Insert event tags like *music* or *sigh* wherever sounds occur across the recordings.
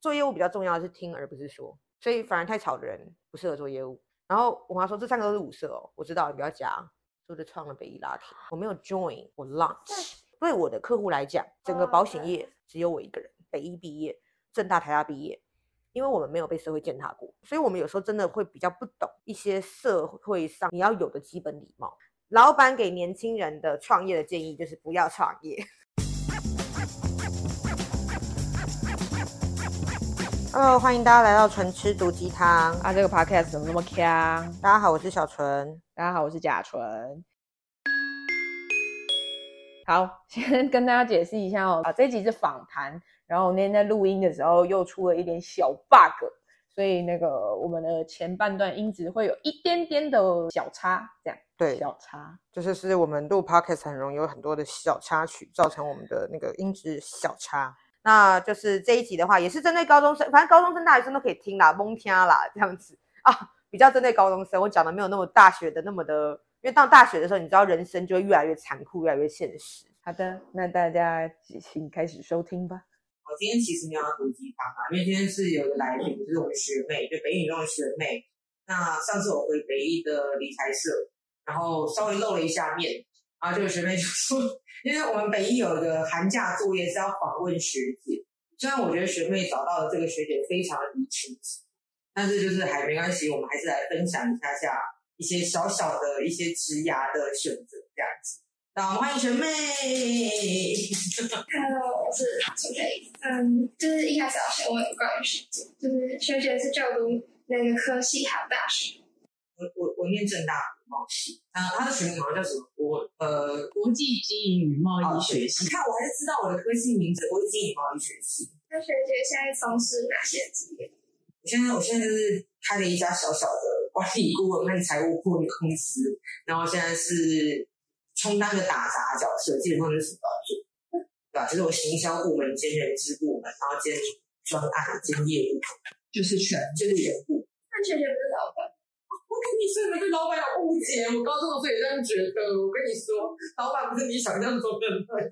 做業務比較重要的是聽而不是說，所以反而太吵的人不適合做業務。然後我媽說這三個都是五色哦，我知道比較夾，所以就創、是、了北一 Lockin。我沒有 join，我 launch 對。對我的客戶來講，整個保險業只有我一個人，北一畢業，政大台大畢業，因為我們沒有被社會踐踏過，所以我們有時候真的會比較不懂一些社會上你要有的基本禮貌。老板給年輕人的創業的建議就是不要創業。哦，歡迎大家來到純喫毒雞湯啊！這個 podcast 怎麼那麼嗆？大家好，我是筱純。大家好，我是甲醇。好，先跟大家解釋一下哦，啊，這集是訪談，然後那天在錄音的時候又出了一點小 bug，所以那個我們的前半段音質會有一點點的小差，這樣對小差就是是我們錄 podcast 很容易有很多的小插曲，造成我們的那個音質小差。那就是這一集的話，也是針對高中生，反正高中生、大學生都可以聽啦，蒙天啦這樣子啊，比較針對高中生。我講的沒有那麼大學的那麼的，因為到大學的時候，你知道人生就會越來越殘酷，越來越現實。好的，那大家請開始收聽吧。我今天其實沒有要毒雞湯啊，因為今天是有個來賓，就是我的學妹，就北一女中的學妹。那上次我回北一的理財社，然後稍微露了一下面。啊，這個學妹就說，因為我們北一有一個寒假作業是要訪問學姐。雖然我覺得學妹找到的這個學姐非常的離奇，但是就是還沒關係，我們還是來分享一下一下一些小小的一些職涯的選擇這樣子。那我們歡迎學妹。Hello，我是陳佩宜。嗯，就是一開始我訪問關於學姐，就是學姐是就讀那個科系還大學？我我我念政大。貿易啊，他的全名好像叫什麼呃、國、呃、國際經營與貿易學系。哦。你看，我還是知道我的科系名字，國際經營貿易學系。那學姐現在從事哪些職業？我現在我現在就是開了一家小小的管理顧問跟財務顧問公司，然後現在是充當個打雜角色，基本上就是什麼要做，嗯、對吧、啊？就是我行銷部門兼人事部門，然後兼專案兼業務，就是全就是業務。那學姐不是老板。我跟你說，對老闆有誤解。我高中的時候也這樣覺得。我跟你說，老闆不是你想象中的那麼樣。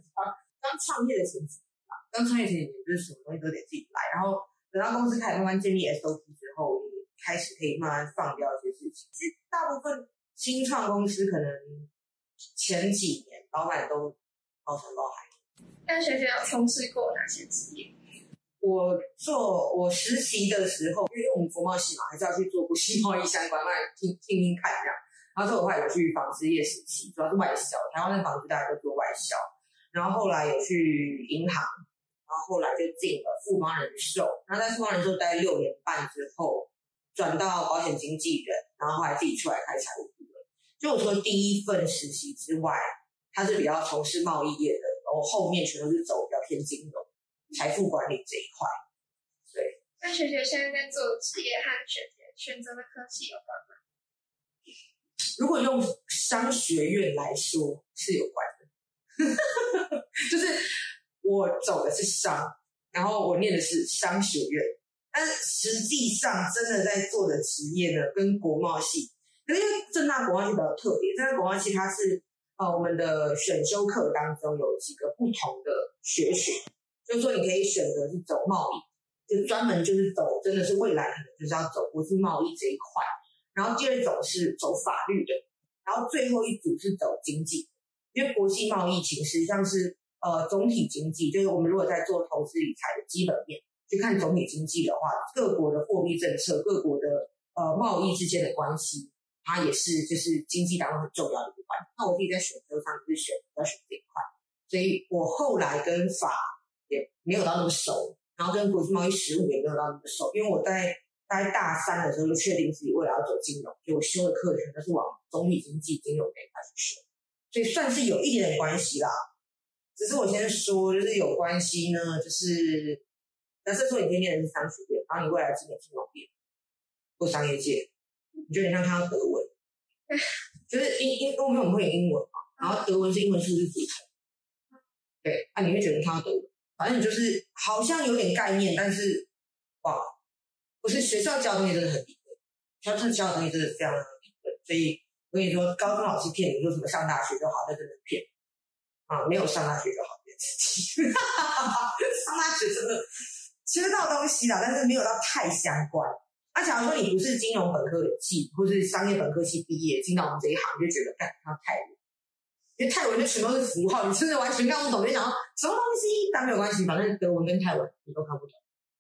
剛創業的前幾年，剛創業前幾年，就是什麼東西都得自己來。然後等到公司開始慢慢建立 SOP 之後，你開始可以慢慢放掉一些事情。其實大部分新創公司可能前幾年老闆都勞心勞力。但學姐有從事過哪些職業？我做我實習的時候，因為我們國貿系嘛，還是要去做國際貿易相關，慢慢來聽聽、聽看這樣。然後最後的話有去紡織業實習，主要是外銷，台灣那紡織大家都做外銷。然後後來有去銀行，然後後來就進了富邦人壽，然後在富邦人、人壽待六年半之後，轉到保險經紀人，然後還自己出來開財務顧問。就我說第一份實習之外，他是比較從事貿易業的，然後後面全都是走比較偏金融。財富管理這一塊，對。那學姐現在在做職業和選選擇的科系有關嗎？如果用商學院來說，是有關的。 *laughs* 就是我走的是商，然後我念的是商學院，但實際上真的在做的職業呢，跟國貿系，因為政大國貿系比較特別，政大國貿系它是我們的選修課當中有幾個不同的學群。就是說，你可以選擇是走貿易，就是、專門就是走，真的是未來可能就是要走國際貿易這一塊。然後第二種是走法律的，然後最後一組是走經濟，因為國際貿易其實實際上是呃總體經濟，就是我們如果在做投資理財的基本面，去看總體經濟的話，各國的貨幣政策、各國的呃貿易之間的關係，它也是就是經濟當中很重要的一環。那我可以在選擇上就是選擇選這一塊，所以我後來跟法。也沒有到那麼熟，然後跟國際貿易實務也沒有到那麼熟，因為我在在大，大三的時候就確定自己未來要走金融，所以我修的課程都是往總體經濟、金融一塊去修，所以算是有一點點關係啦。只是我先說，就是有關係呢，就是，這時說你今天念的是商學院，然後你未來做點金融業或商業界，你就得像看到德文， *laughs* 就是因因為因為我們會有英文嘛，然後德文是英文數字組成，對，那、啊、你會覺得他德文。反正你就是好像有點概念，但是忘了。不是學校教的東西真的很理論，學校教的東西真的非常理論。所以我跟你說，高中老師騙你，說什麼上大學就好，那真、個、的騙啊！沒有上大學就好、那個、騙哈哈 *laughs* 上大學真的學到東西了，但是沒有到太相關。那假如說你不是金融本科系或是商業本科系畢業，進到我們這一行，你覺得幹，他太？因為泰文，就全都是符號，你真的完全看不懂。沒想到什麼東西，但沒有關係，反正德文跟泰文你都看不懂，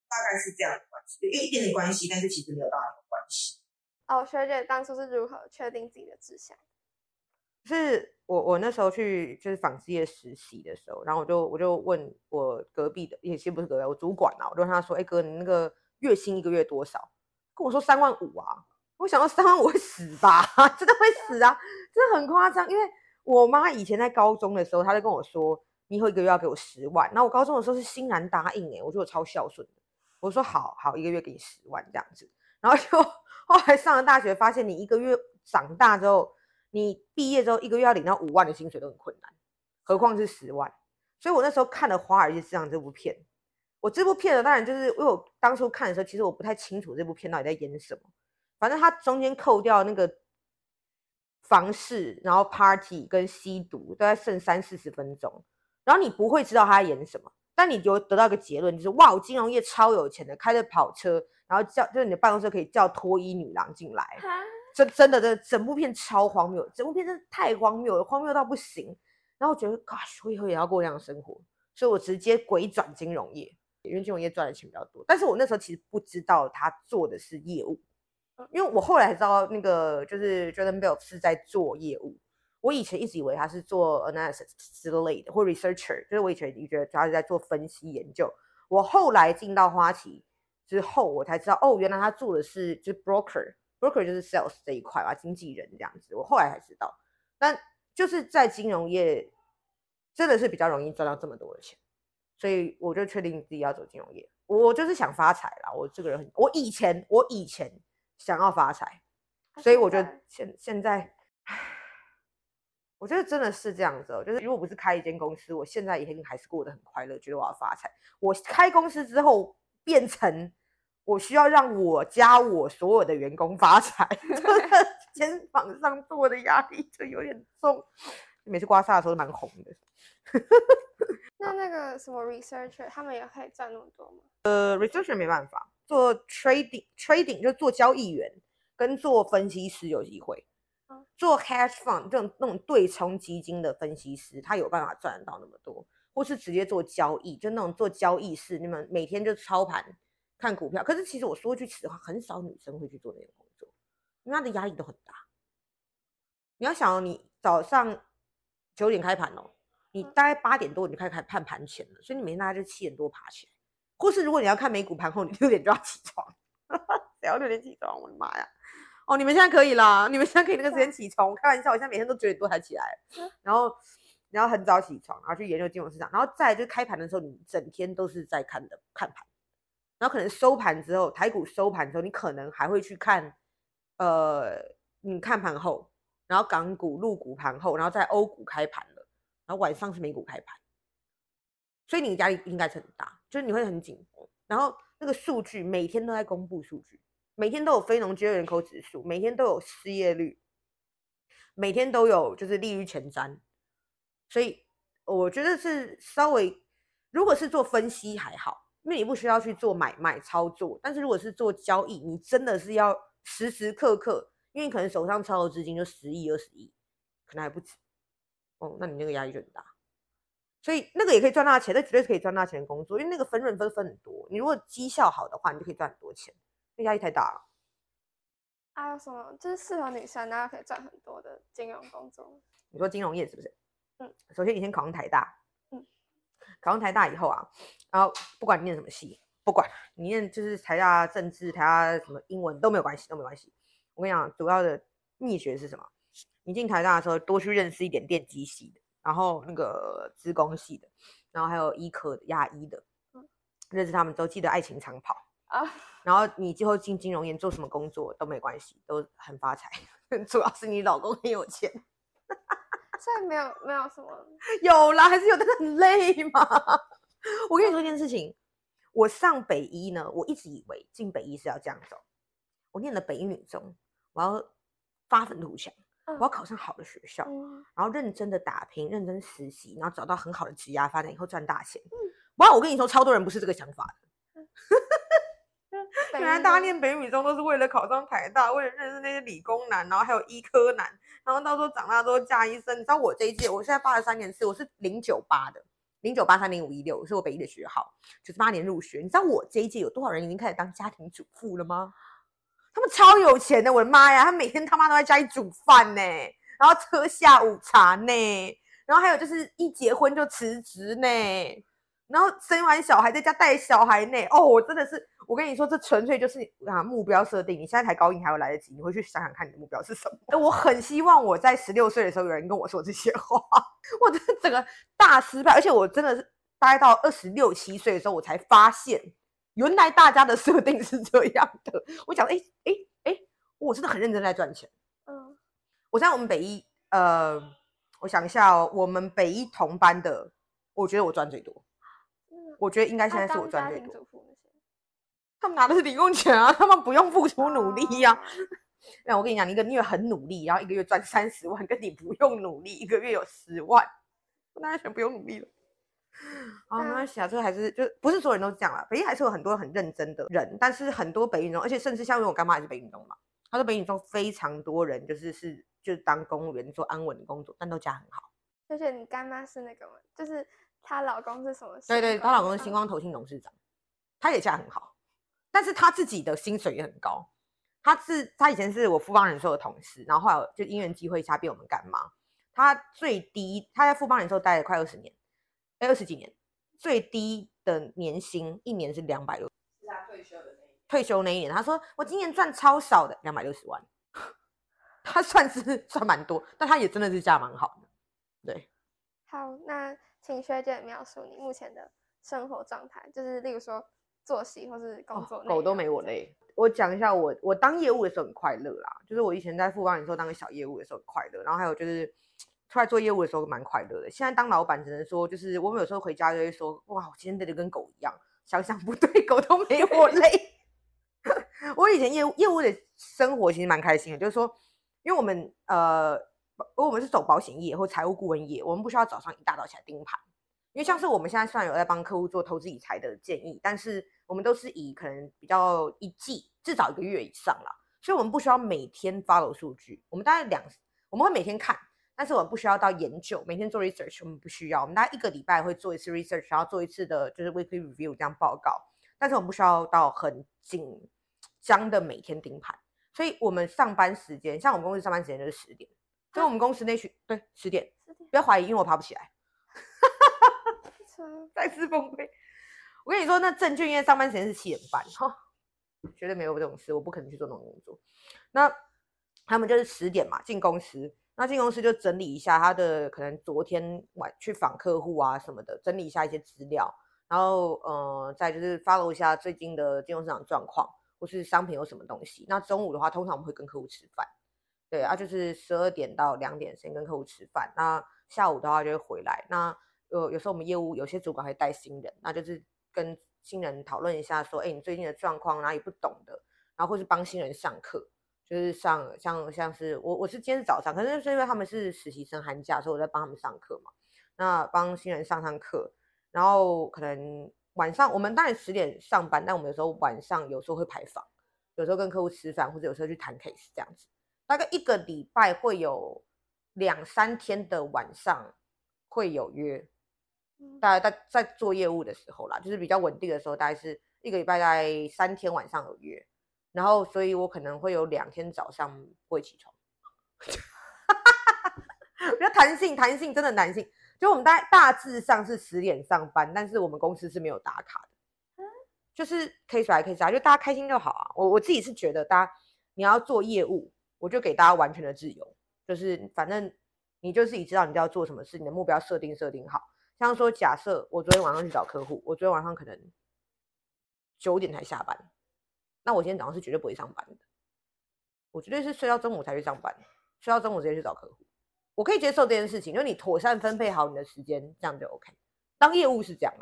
大概是這樣子的關係，有一點點關係，但是其實沒有大的關係。哦，學姐當初是如何確定自己的志向？是我我那時候去就是紡織業實習的時候，然後我就我就問我隔壁的，也先不是隔壁，我主管啊，我就問他說：“哎、欸、哥，你那個月薪一個月多少？”跟我說三萬五啊，我想到三萬五會死吧，真的會死啊，真的很誇張，因為。我媽以前在高中的時候，她就跟我說：“你以後一個月要給我十萬。”然後我高中的時候是欣然答應、欸，哎，我覺得我超孝順的，我說：“好好，一個月給你十萬這樣子。”然後就後來上了大學，發現你一個月長大之後，你畢業之後一個月要領到五萬的薪水都很困難，何況是十萬？所以我那時候看了《華爾街之狼》這部片，我這部片呢，當然就是因為我當初看的時候，其實我不太清楚這部片到底在演什麼，反正它中間扣掉那個。房事，然後 party 跟吸毒都在剩三四十分鐘，然後你不會知道他在演什麼，但你就得到一個結論，就是哇，我金融業超有錢的，開着跑車，然後叫就是你的辦公室可以叫脫衣女郎進來，哈這真的這整部片超荒謬，整部片真的太荒謬了，荒謬到不行。然後我覺得，Gosh, 我以後也要過這樣的生活，所以我直接鬼轉金融業，因為金融業賺的錢比較多。但是我那時候其實不知道他做的是業務。因為我後來才知道，那個就是 Jordan Bell 是在做業務。我以前一直以為他是做 analysis 之類的，或 researcher，就是我以前一直覺得他是在做分析研究。我後來進到花旗之後，我才知道，哦，原來他做的是就是 broker，broker 就是 sales 這一塊嘛，經紀人這樣子。我後來才知道，但就是在金融業真的是比較容易賺到這麼多的錢，所以我就確定自己要走金融業。我就是想發財啦，我這個人很，我以前我以前。想要發財、啊，所以我覺得現在現在，我覺得真的是這樣子。就是如果不是開一間公司，我現在一定還是過得很快樂。覺得我要發財，我開公司之後變成我需要讓我加我所有的員工發財，肩 *laughs* 膀上做的壓力就有點重。每次刮痧的時候都蠻紅的。 *laughs* 那那個什麼 researcher 他們也可以賺那麼多嗎？呃、uh,，researcher 沒辦法。做 trading trading 就是做交易員，跟做分析師有機會。做 hedge fund 這種那種對沖基金的分析師，他有辦法賺得到那麼多，或是直接做交易，就那種做交易室，你們每天就操盤看股票。可是其實我說句實話，很少女生會去做那種工作，因為她的壓力都很大。你要想哦，你早上九點開盤哦，你大概八點多你就開始看盤盤前了，所以你每天大概就七點多爬起來。或是如果你要看美股盤後，你六點就要起床，哈哈，誰要六點起床。我的媽呀！哦，你們現在可以啦，你們現在可以那個時間起床。啊、我開玩笑，我現在每天都九點多才起來、嗯，然後，然後很早起床，然後去研究金融市場，然後再來就是開盤的時候，你整天都是在看的看盤。然後可能收盤之後，台股收盤之後，你可能還會去看，呃，你看盤後，然後港股陸股盤後，然後在歐股開盤了，然後晚上是美股開盤。所以你壓力應該是很大，就是你會很緊繃。然後那個數據每天都在公布數據，每天都有非農就業人口指數，每天都有失業率，每天都有就是利率前瞻。所以我覺得是稍微，如果是做分析還好，因為你不需要去做買賣操作。但是如果是做交易，你真的是要時時刻刻，因為你可能手上操的資金就十億、二十億，可能還不止。哦、嗯，那你那個壓力就很大。所以那個也可以賺大錢，但絕對是可以賺大錢的工作，因為那個分潤分分很多。你如果績效好的話，你就可以賺很多錢。那壓力太大了。還、啊、有什麼就是適合女生，大家可以賺很多的金融工作？你說金融業是不是？嗯。首先，你先考上台大。嗯。考上台大以後啊，然後不管你念什麼系，不管你念就是台大政治、台大什麼英文都沒有關係，都沒關係。我跟你講，主要的秘訣是什麼？你進台大的時候，多去認識一點電機系的然後那個資工系的，然後還有醫科的、牙醫的、嗯，認識他們都記得《愛情長跑》啊。然後你之後進金融業做什麼工作都沒關係，都很發財，主要是你老公很有錢。 *laughs* 所以沒有，沒有什麼，有啦，還是有，但是很累嘛。我跟你說一件事情，嗯、我上北一呢，我一直以為進北一是要這樣走，我念了北一女中，我要發奮圖強。我要考上好的學校、嗯，然後認真的打拼，認真實習，然後找到很好的職業發展，以後賺大錢。嗯、不然我跟你說，超多人不是這個想法的。 *laughs* 原來大家念北一女中都是為了考上台大，為了認識那些理工男，然後還有醫科男，然後到時候長大都嫁醫生。你知道我這一屆，我現在八十三點四，我是零九八的，零九八三零五一六是我北一的學號，九十八年入學。你知道我這一屆有多少人已經開始當家庭主婦了嗎？他們超有錢的，我的媽呀！他每天他媽都在家裡煮飯呢，然後喝下午茶呢，然後還有就是一結婚就辭職呢，然後生完小孩在家帶小孩呢。哦，我真的是，我跟你說，這純粹就是啊目標設定。你現在才高一，還有來得及，你回去想想看你的目標是什麼。 *laughs* 我很希望我在十六歲的時候有人跟我說這些話，我真的整個大失敗。而且我真的是待到二十六七歲的時候，我才發現。原來大家的設定是這樣的，我講，哎哎哎，我真的很認真在賺錢。嗯，我在我們北一，呃，我想一下哦，我們北一同班的，我覺得我賺最多。嗯、我覺得應該現在是我賺最多。啊、他們拿的是零用錢啊，他們不用付出努力呀、啊。那、啊、 *laughs* 我跟你講，一個月很努力，然後一個月賺三十萬，跟你不用努力一個月有十萬，那完全不用努力了。哦、啊啊，沒關係啊，這個還是就不是所有人都是這樣啦。北一還是有很多很認真的人，但是很多北一中，而且甚至像我乾媽也是北一中嘛。他說北一中非常多人，就是，就是是就是當公務員做安穩的工作，但都嫁很好。而且你乾媽是那個，就是她老公是什麼事，啊？對對，對，她老公是星光投信董事長，她，啊、也嫁很好，但是他自己的薪水也很高。他是他以前是我富邦人壽的同事，然後後來就因緣際會下變我們乾媽。他最低他在富邦人壽待了快二十年。哎，二十幾年，最低的年薪一年是兩百六。是退休的那年。退休那一年，他說，我今年賺超少的，兩百六十萬。 *laughs* 他算是賺蠻多，但他也真的是價蠻好的。對。好，那請學姐描述你目前的生活狀態，就是例如說作息或是工作。狗、哦、都沒我累。我講一下我我當業務的時候很快樂啦，就是我以前在富邦裡時當個小業務的時候很快樂，然後還有就是。出來做業務的時候蠻快樂的。現在當老闆只能說，就是我們有時候回家就會說：“哇，我今天累得跟狗一樣。”想想不對，狗都沒我累。 *laughs* 我以前業務業務的生活其實蠻開心的，就是說，因為我們呃，因為我們是走保險業或財務顧問業，我們不需要早上一大早起來盯盤。因為像是我們現在雖然有在幫客戶做投資理財的建議，但是我們都是以可能比較一季至少一個月以上啦，所以我們不需要每天 follow 數據。我們大概兩我們會每天看。但是我們不需要到研究，每天做 research，我們不需要。我們大概一個禮拜會做一次 research，然後做一次的就是 weekly review 這樣報告。但是我們不需要到很緊張的每天盯盤，所以我們上班時間，像我們公司上班時間就是十點，以、啊、我們公司那訓對十點，不要懷疑，因為我爬不起來，再次崩潰。我跟你說，那證券業上班時間是七點半，哈、哦，絕對沒有這種事，我不可能去做那種工作。那他們就是十點嘛，進公司。那進公司就整理一下他的可能昨天晚去訪客戶啊什麼的，整理一下一些資料，然後呃再就是 follow 一下最近的金融市場狀況，或是商品有什麼東西。那中午的話，通常我們會跟客戶吃飯，對啊，就是十二點到兩點先跟客戶吃飯。那下午的話就會回來。那有有時候我們業務有些主管會帶新人，那就是跟新人討論一下說，哎，你最近的狀況，哪裡不懂的，然後或是幫新人上課。就是上像像、像是我我是今天早上，可是是因為他們是實習生寒假，所以我在幫他們上課嘛。那幫新人上上課，然後可能晚上我們當然十點上班，但我們有時候晚上有時候會排訪，有時候跟客戶吃飯，或者有時候去談 case 這樣子。大概一個禮拜會有兩三天的晚上會有約，大概在在做業務的時候啦，就是比較穩定的時候，大概是一個禮拜大概三天晚上有約。然後，所以我可能會有兩天早上不會起床。我覺得彈性，彈性真的彈性。就我們大概大致上是十點上班，但是我們公司是沒有打卡的。嗯，就是 K 出來 K 出來，就大家開心就好啊。我我自己是覺得，大家你要做業務，我就給大家完全的自由，就是反正你就自己知道你就要做什麼事，你的目標設定設定好。像說，假設我昨天晚上去找客戶，我昨天晚上可能九點才下班。那我今天早上是絕對不會上班的，我絕對是睡到中午才去上班，睡到中午直接去找客戶，我可以接受這件事情，因、就、為、是、你妥善分配好你的時間，這樣就 OK。當業務是這樣，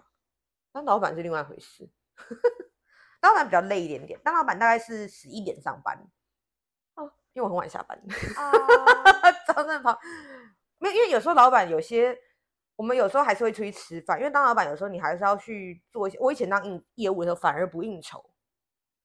當老板是另外一回事， *laughs* 當然比較累一點點。當老板大概是十一點上班，哦，因為我很晚下班。哦、 *laughs* 早上跑，沒有，因為有時候老板有些，我們有時候還是會出去吃飯，因為當老板有時候你還是要去做一些。我以前當應業務的時候反而不應酬。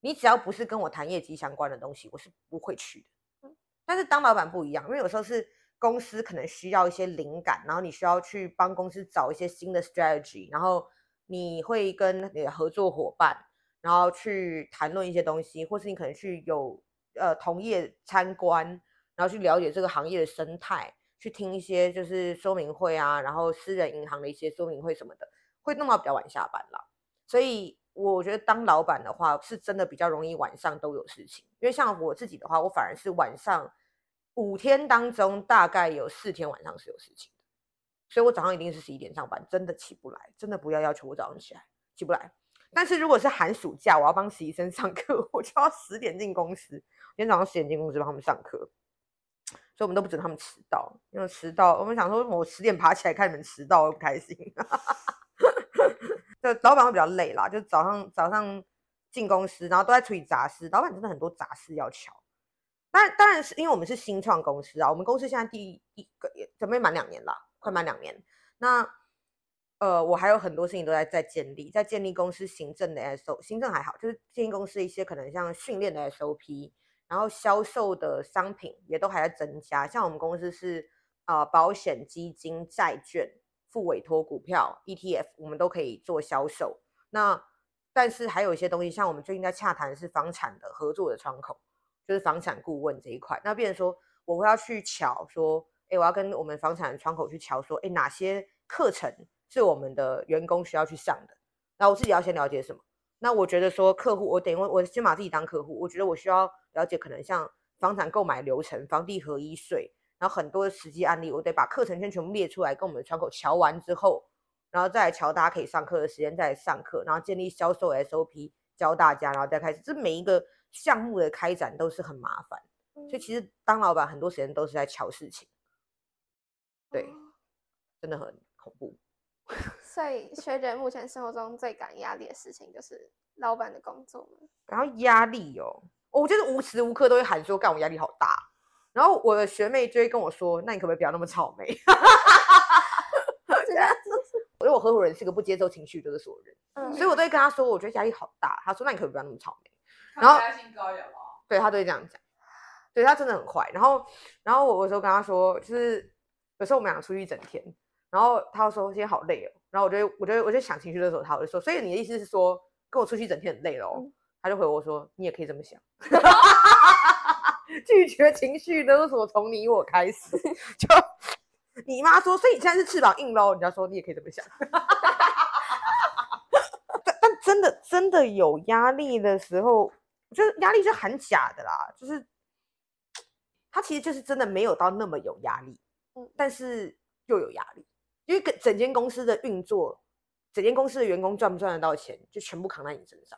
你只要不是跟我談業績相關的東西，我是不會去的。但是當老板不一樣，因為有時候是公司可能需要一些靈感，然後你需要去幫公司找一些新的 strategy，然後你會跟你的合作夥伴，然後去談論一些東西，或是你可能去有呃同業參觀，然後去了解這個行業的生態，去聽一些就是說明會啊，然後私人銀行的一些說明會什麼的，會弄到比較晚下班了，所以。我覺得當老板的話，是真的比較容易晚上都有事情。因為像我自己的話，我反而是晚上五天當中大概有四天晚上是有事情的，所以我早上一定是十一點上班，真的起不來，真的不要要求我早上起來，起不來。但是如果是寒暑假，我要幫實習生上課，我就要十點進公司，我今天早上十點進公司幫他們上課，所以我們都不准他們遲到，因為遲到我們想說，我十點爬起來看你們遲到，我不開心。 *laughs* 就老闆會比較累啦，就是早上早上進公司，然後都在處理雜事。老闆真的很多雜事要喬。那當，當然是因為我們是新創公司啊，我們公司現在第一個準備滿兩年了，快滿兩年。那呃，我還有很多事情都在在建立，在建立公司行政的 S O，行政還好，就是建立公司一些可能像訓練的 S O P，然後銷售的商品也都還在增加。像我們公司是呃保險、基金、債券。付委託股票 ETF，我們都可以做銷售。那但是還有一些東西，像我們最近在洽談的是房產的合作的窗口，就是房產顧問這一塊。那變成說我會要去喬說，哎、欸，我要跟我們房產的窗口去喬說，哎、欸，哪些課程是我們的員工需要去上的？那我自己要先了解什麼？那我覺得說客戶，我等於我，我先把自己當客戶，我覺得我需要了解可能像房產購買流程、房地合一稅。然後很多的實際案例，我得把課程先全部列出來，跟我們的窗口敲完之後，然後再來敲大家可以上課的時間，再來上課，然後建立銷售 SOP 教大家，然後再開始。這每一個項目的開展都是很麻煩，嗯、所以其實當老闆很多時間都是在敲事情，對、哦，真的很恐怖。所以學姐目前生活中最感壓力的事情就是老闆的工作，然後壓力哦，哦，我就是無時無刻都會喊說，幹我壓力好大。然後我的學妹就會跟我說：“那你可不可以不要那麼草莓？”哈哈哈哈哈！我覺得我合夥人是個不接受情緒的所人，嗯，所以我都會跟他說：“我覺得壓力好大。”他說：“那你可不可以不要那麼草莓？”嗯、然後他加高了嗎？對，他都會這樣講，對，他真的很壞。然後，然後我我說跟他說，就是有時候我們倆出去一整天，然後他就說：“今天好累哦。”然後我就，我就，我就想情緒的時候他，我就說：“所以你的意思是說，跟我出去一整天很累嘍、嗯？”他就回我說：“你也可以這麼想。 *laughs* ”拒絕情緒勒索從你我開始。就你媽說，所以你現在是翅膀硬嘍。人家說你也可以這麼想。 *laughs* 但 *laughs* 但真的真的有壓力的時候，我覺得壓力是很假的啦。就是他其實就是真的沒有到那麼有壓力，嗯，但是又有壓力，因為整間公司的運作，整間公司的員工賺不賺得到錢，就全部扛在你身上。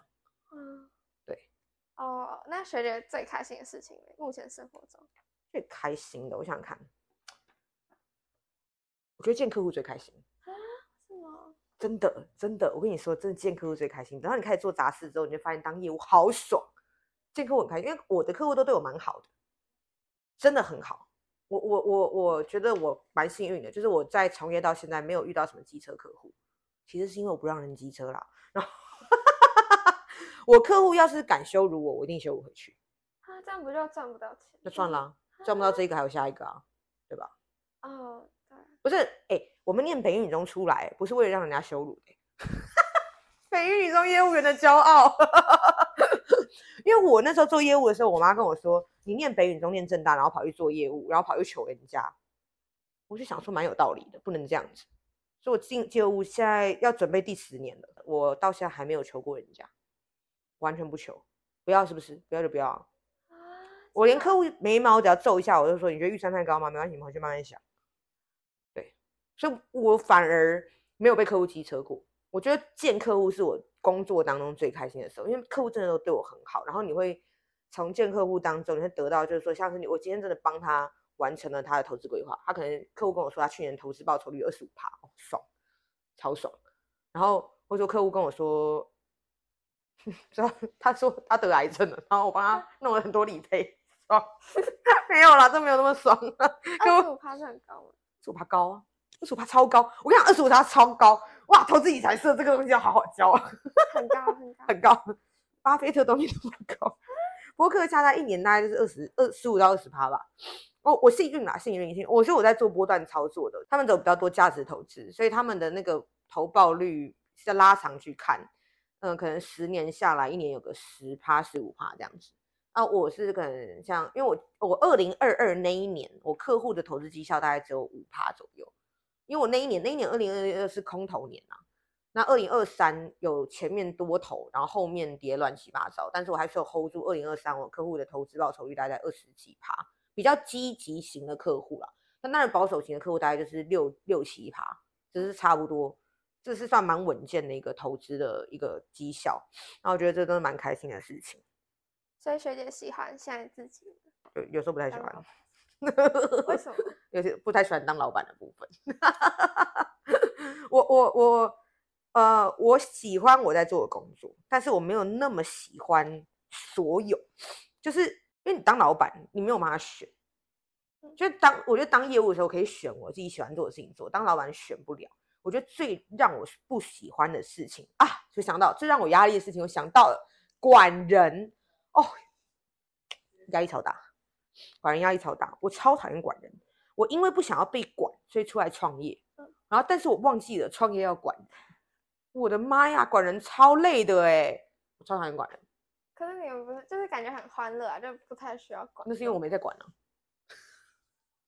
哦，那學姐最開心的事情，目前生活中最開心的，我想看，我覺得見客戶最開心啊？是嗎？真的真的，我跟你說，真的見客戶最開心。然後你開始做雜事之後，你就發現當業務好爽，見客戶很開心，因為我的客戶都對我蠻好的，真的很好。我我我我覺得我蠻幸運的，就是我在從業到現在沒有遇到什麼機車客戶，其實是因為我不讓人機車啦。然後。我客戶要是敢羞辱我，我一定羞辱回去。啊，這樣不就賺不到錢？那算了，啊，賺不到這一個還有下一個啊，對吧？哦，對不是，哎、欸，我們念北一女中出來不是為了讓人家羞辱的，欸， *laughs* 北一女中業務員的驕傲。 *laughs* 因為我那時候做業務的時候，我媽跟我說：“你念北一女中，念政大，然後跑去做業務，然後跑去求人家。”我就想說蠻有道理的，不能這樣子。所以我進業務現在要準備第十年了，我到現在還沒有求過人家。完全不求，不要是不是？不要就不要、啊啊啊。我連客戶眉毛只要皺一下，我就說你覺得預算太高嗎？沒關係，你們回去慢慢想。對，所以我反而沒有被客戶機車過。我覺得見客戶是我工作當中最開心的時候，因為客戶真的都對我很好。然後你會從見客戶當中，你會得到就是說，像是你，我今天真的幫他完成了他的投資規劃，他可能客戶跟我說他去年投資報酬率二十五趴，哦，爽，超爽。然後或者說客戶跟我說。說 *laughs* 他說他得癌症了，然後我幫他弄了很多理賠，啊， *laughs* 沒有啦，真沒有那麼爽了。二十五趴是很高，二十五趴高啊，二十五趴超高。我跟你講，二十五趴超高，哇，投資理財社這個東西要好好教啊。 *laughs* 很高很高很高，巴菲特東西這麼高，波克夏他一年大概就是二十二十五，到二十八吧。我我幸運啊，幸運，幸運，我是我，我在做波段操作的，他們都有比較多價值投資，所以他們的那個投報率是拉長去看。嗯，可能十年下來，一年有個十趴、十五趴這樣子。啊，我是可能像，因為我我二零二二那一年，我客戶的投資績效大概只有五趴左右。因為我那一年，那一年二零二二是空頭年啊。那二零二三有前面多頭，然後後面跌亂七八糟，但是我還是有 hold 住二零二三，我客戶的投資報酬率大概在二十幾趴，比較積極型的客戶啦。那當然保守型的客戶大概就是六六七趴，這是差不多。這是算蠻穩健的一個投資的一個績效，然後我覺得這都是蠻開心的事情。所以學姐喜歡現在自己，有有時候不太喜歡，嗯、 *laughs* 為什麼？有些不太喜歡當老闆的部分。 *laughs* 我我我，呃，我喜歡我在做的工作，但是我沒有那麼喜歡所有，就是因為你當老闆，你沒有辦法選。就當我覺得當業務的時候，我可以選我自己喜歡做的事情做，當老闆選不了。我覺得最讓我不喜歡的事情啊，就想到最讓我壓力的事情，我想到了管人哦，壓力超大，管人壓力超大，我超討厭管人。我因為不想要被管，所以出來創業，然後但是我忘記了創業要管。我的媽呀，管人超累的哎、欸，我超討厭管人。可是你們不是就是感覺很歡樂啊，就不太需要管。那是因為我沒在管啊，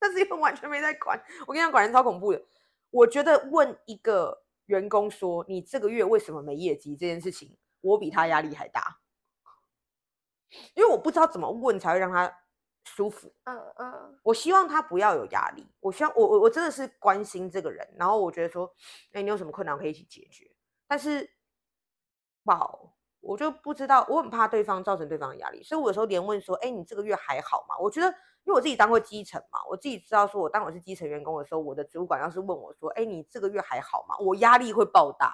那是因為我完全沒在管。我跟你講，管人超恐怖的。我覺得問一個員工說，你這個月為什麼沒業績這件事情，我比他壓力還大，因為我不知道怎麼問才會讓他舒服。嗯嗯，我希望他不要有壓力，我希望我我我真的是關心這個人，然後我覺得說，哎，你有什麼困難我可以一起解決，但是不好。我就不知道，我很怕對方造成對方的壓力，所以我有時候連問說，哎，你這個月還好嗎？我覺得，因為我自己當過基層嘛，我自己知道，說我當我是基層員工的時候，我的主管要是問我說，哎，你這個月還好嗎？我壓力會爆大，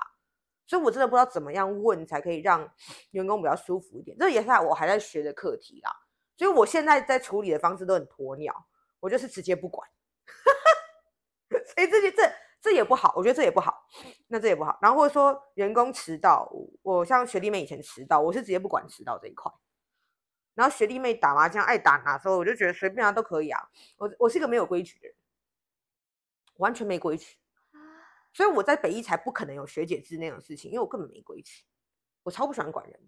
所以我真的不知道怎麼樣問才可以讓員工比較舒服一點，這也是我還在學的課題啦。所以我現在在處理的方式都很鴕鳥，我就是直接不管， *laughs* 所以這些這這也不好，我覺得這也不好。那這也不好，然後或者說員工遲到，我像學弟妹以前遲到，我是直接不管遲到這一塊。然後學弟妹打麻將愛打哪時候，所以我就覺得隨便啊都可以啊。我我是一個沒有規矩的人，完全沒規矩，所以我在北一才不可能有學姐制那樣的事情，因為我根本沒規矩，我超不喜歡管人，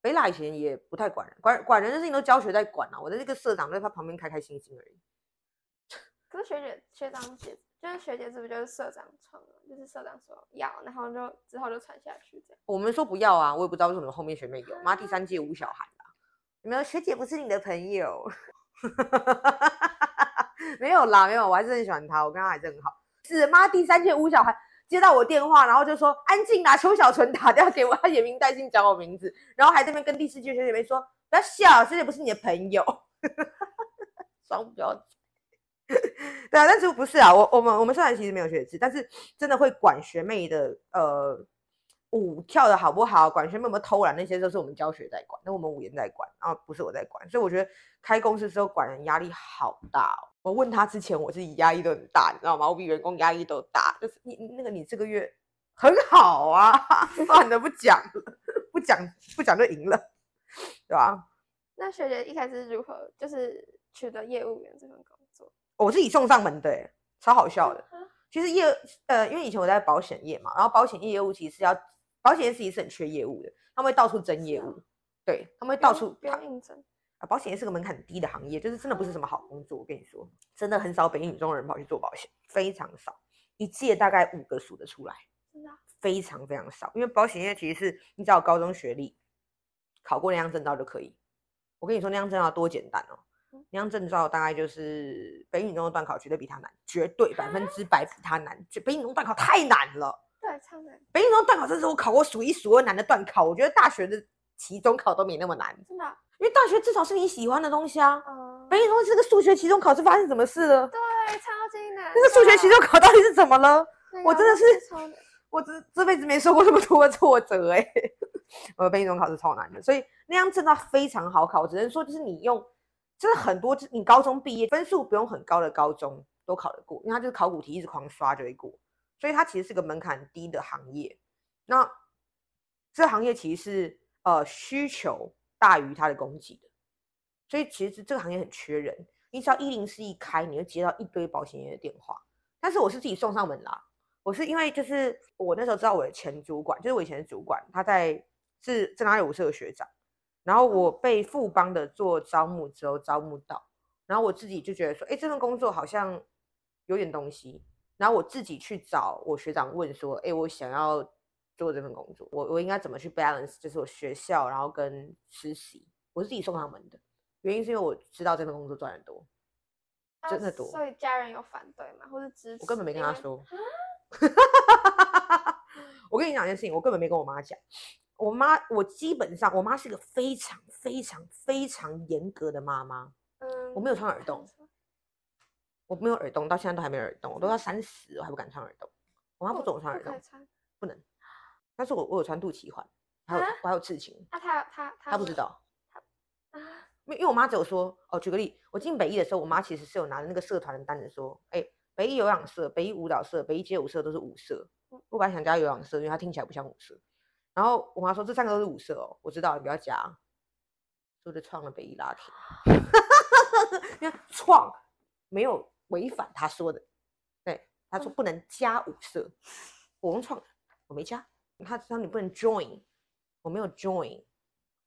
北一以前也不太管人，管管人的事情都教學在管啊。我的那個社長在他旁邊開開心心而已。可是學姐、學長姐，就是學姐，是不是就是社長創的？就是社長說要，然後就之後就傳下去這樣。我們說不要啊，我也不知道為什麼後面學妹有。媽、啊，第三屆吳小涵啦、啊，沒有學姐不是你的朋友， *laughs* 沒有啦，沒有，我還是很喜歡她，我跟她還是很好。是媽，第三屆吳小涵接到我電話，然後就說安靜啊，邱筱純打掉給我，她連名帶姓講我名字，然後還在那邊跟第四屆學姐妹說不要笑，學姐不是你的朋友，雙標。 *laughs* 對啊，但是不是啊？我我們我們雖然其實沒有學姐制，但是真的會管學妹的呃舞跳得好不好，管學妹有沒有偷懶，那些都是我們教學在管，那我們舞員在管，然後不是我在管。所以我覺得開公司的時候管人壓力好大哦。我問他之前，我是壓力都很大，你知道嗎？我比員工壓力都大，就是你，你那個你這個月很好啊， *laughs* 算了不講，了，不講不講，不講就贏了，對吧？那學姐一開始是如何就是取得業務員這種哦、我自己送上門的、欸，超好笑的。其實業呃，因為以前我在保險業嘛，然後保險業務其實是要，保險業其實是很缺業務的，他們會到處爭業務，啊、對他們會到處不要硬爭啊。保險業是個門檻低的行業，就是真的不是什麼好工作。我跟你說，真的很少北一女中人跑去做保險，非常少，一屆大概五個數得出來，真的非常非常少。因為保險業其實是你只要有高中學歷，考過那張證照就可以。我跟你說，那張證照多簡單哦、喔。那張證照大概就是北一女中的段考，絕對比它難，絕對百分之百比它難。啊、北一女中的段考太難了，對，超難。北一女中段考真是我考過數一數二難的段考。我覺得大學的期中考都沒那麼難，真的，啊。因為大學至少是你喜歡的東西啊。嗯、北一女中這個數學期中考是發生什麼事了？對，超級難的。那個數學期中考到底是怎麼了？我真的是，我這這輩子沒受過這麼多的挫折哎，欸。 *laughs* 我的北一女中考是超難的，所以那張證照非常好考，我只能說就是你用。真的很多，你高中畢業分數不用很高的高中都考得過，因為它就是考古題，一直狂刷就會過，所以它其實是個門檻低的行業。那這行業其實是呃需求大於它的供給的，所以其實這個行業很缺人。你只要一零四一開，你就接到一堆保險業的電話，但是我是自己送上門啦，我是因為就是我那時候知道我的前主管，就是我以前的主管，他在是政大有五是個學長。然後我被富邦的做招募之後招募到，嗯、然後我自己就覺得說，哎，這份工作好像有點東西。然後我自己去找我學長問說，哎，我想要做這份工作，我我應該怎麼去 balance，就是我學校然後跟實習，我是自己送他們的原因是因為我知道這份工作賺的多，啊，真的多，所以家人有反對嘛，或是支持？我根本沒跟他說。 *coughs* *laughs* 我跟你講一件事情，我根本沒跟我媽講。我媽，我基本上，我媽是一個非常非常非常嚴格的媽媽。嗯。我沒有穿耳洞、嗯，我沒有耳洞，到現在都還沒有耳洞。我都要三十，我還不敢穿耳洞。我媽不准我穿耳洞，不能。但是我有我有穿肚臍環，還有、啊、我還有刺青、啊。她不知道。啊，因為因為我媽只有說，哦，舉個例，我進北一的時候，我媽其實是有拿着那個社團的單子說，哎、欸，北一有氧社、北一舞蹈社、北一街舞社都是舞社、嗯。我本來想加有氧社，因為她聽起來不像舞社。然後我媽說，這三個都是舞社哦，我知道你不要加，所以我就創了北一 Lockin。你 *laughs* 看創沒有違反她說的，對，她說不能加舞社，我用創，我沒加。她說你不能 join，我沒有 join，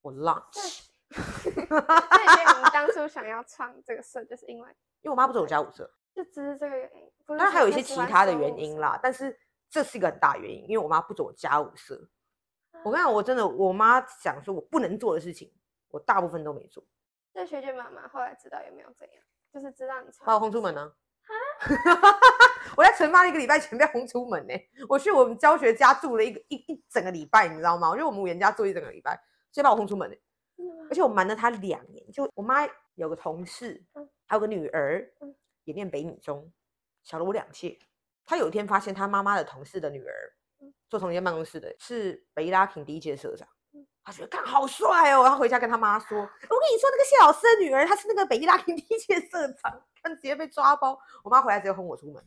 我 launch。哈哈哈！哈哈哈！哈哈哈！我們當初想要創這個社，就是因為因為我媽不准我加舞社，就只是這個原因，當然還有一些其他的原因啦。是但是這是一個很大原因，因為我媽不准我加舞社。我跟你講我真的，我媽想說我不能做的事情，我大部分都沒做。那學姐媽媽後來知道有沒有怎樣？就是知道你把我轟出門啊！ *laughs* 我在成发一個禮拜前被轟出門呢、欸。我去我們教學家住了一個一一整個禮拜，你知道嗎？因為我去我們五緣家住了一整個禮拜，直接把我轟出門呢、欸。而且我瞞了她兩年，就我媽有個同事，嗯、還有個女兒，嗯、也念北一女中，小了我兩屆。她有一天發現她媽媽的同事的女兒。坐同一間辦公室的是北一 Lockin 第一屆社長，他、嗯、覺得看好帥哦，我要回家跟他媽說。我跟你說，那個謝老師的女兒，她是那個北一 Lockin 第一屆社長，看直接被抓包。我媽回來直接轟我出門。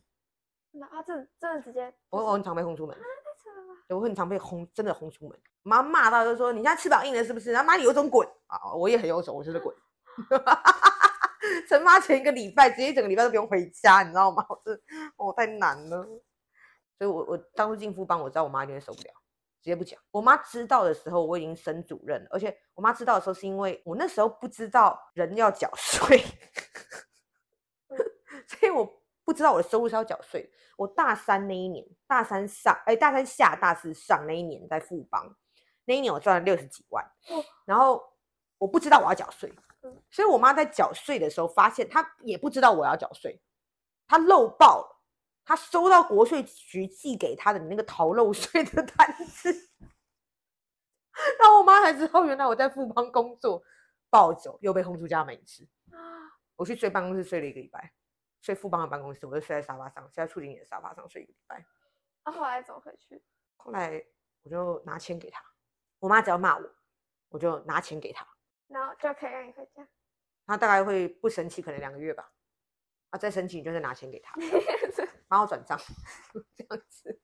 那、啊、這真段直接，我、哦、我、就是哦、常被轟出門。啊，真的嗎？欸、我很常被轟，真的轟出門。我媽罵他就說：“你現在翅膀硬了是不是？然後媽有種滾啊、哦！”我也很有種，我真的滾。哈哈哈哈哈！懲罰前一個禮拜，直接整個禮拜都不用回家，你知道嗎？我是我、哦、太難了。所以我我當初進富邦，我知道我媽一定受不了，直接不講。我媽知道的時候，我已經升主任了。而且我媽知道的時候，是因為我那時候不知道人要繳稅， *laughs* 所以我不知道我的收入是要繳稅。我大三那一年，大三上哎、欸，大三下、大四上那一年在富邦，那一年我賺了六十幾萬，然後我不知道我要繳稅，所以我媽在繳稅的時候發現她也不知道我要繳稅，她漏報了。他收到國稅局寄給他的那個逃漏稅的單子，然後我媽才知道原來我在富邦工作，暴走又被轟出家門一次。我去睡辦公室睡了一個禮拜，睡富邦的辦公室，我就睡在沙發上，睡在助理的沙發上睡一個禮拜。那後來怎麼回去？後來我就拿錢給他，我媽只要罵我，我就拿錢給他，然後就可以讓你回家。他大概會不生氣，可能兩個月吧。啊！再申請就是拿錢給他，然後轉賬 *laughs* *laughs* 這樣子。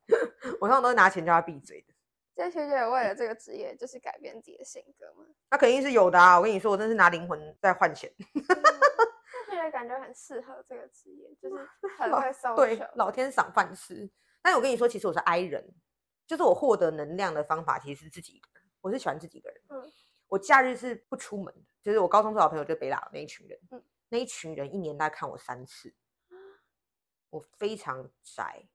我通常，常都是拿錢叫他閉嘴的。這些學姐為了這個職業，就是改變自己的性格嘛。那、啊、肯定是有的啊！我跟你說，我真是拿靈魂在換錢。哈哈，那感覺很適合這個職業，就是很會燒錢。對，老天賞飯吃。但我跟你說，其實我是 I 人，就是我獲得能量的方法其實是自己。我是喜歡自己一個人、嗯。我假日是不出門的，就是我高中最好朋友就是北一的那一群人。嗯那一群人一年大概看我三次，我非常宅，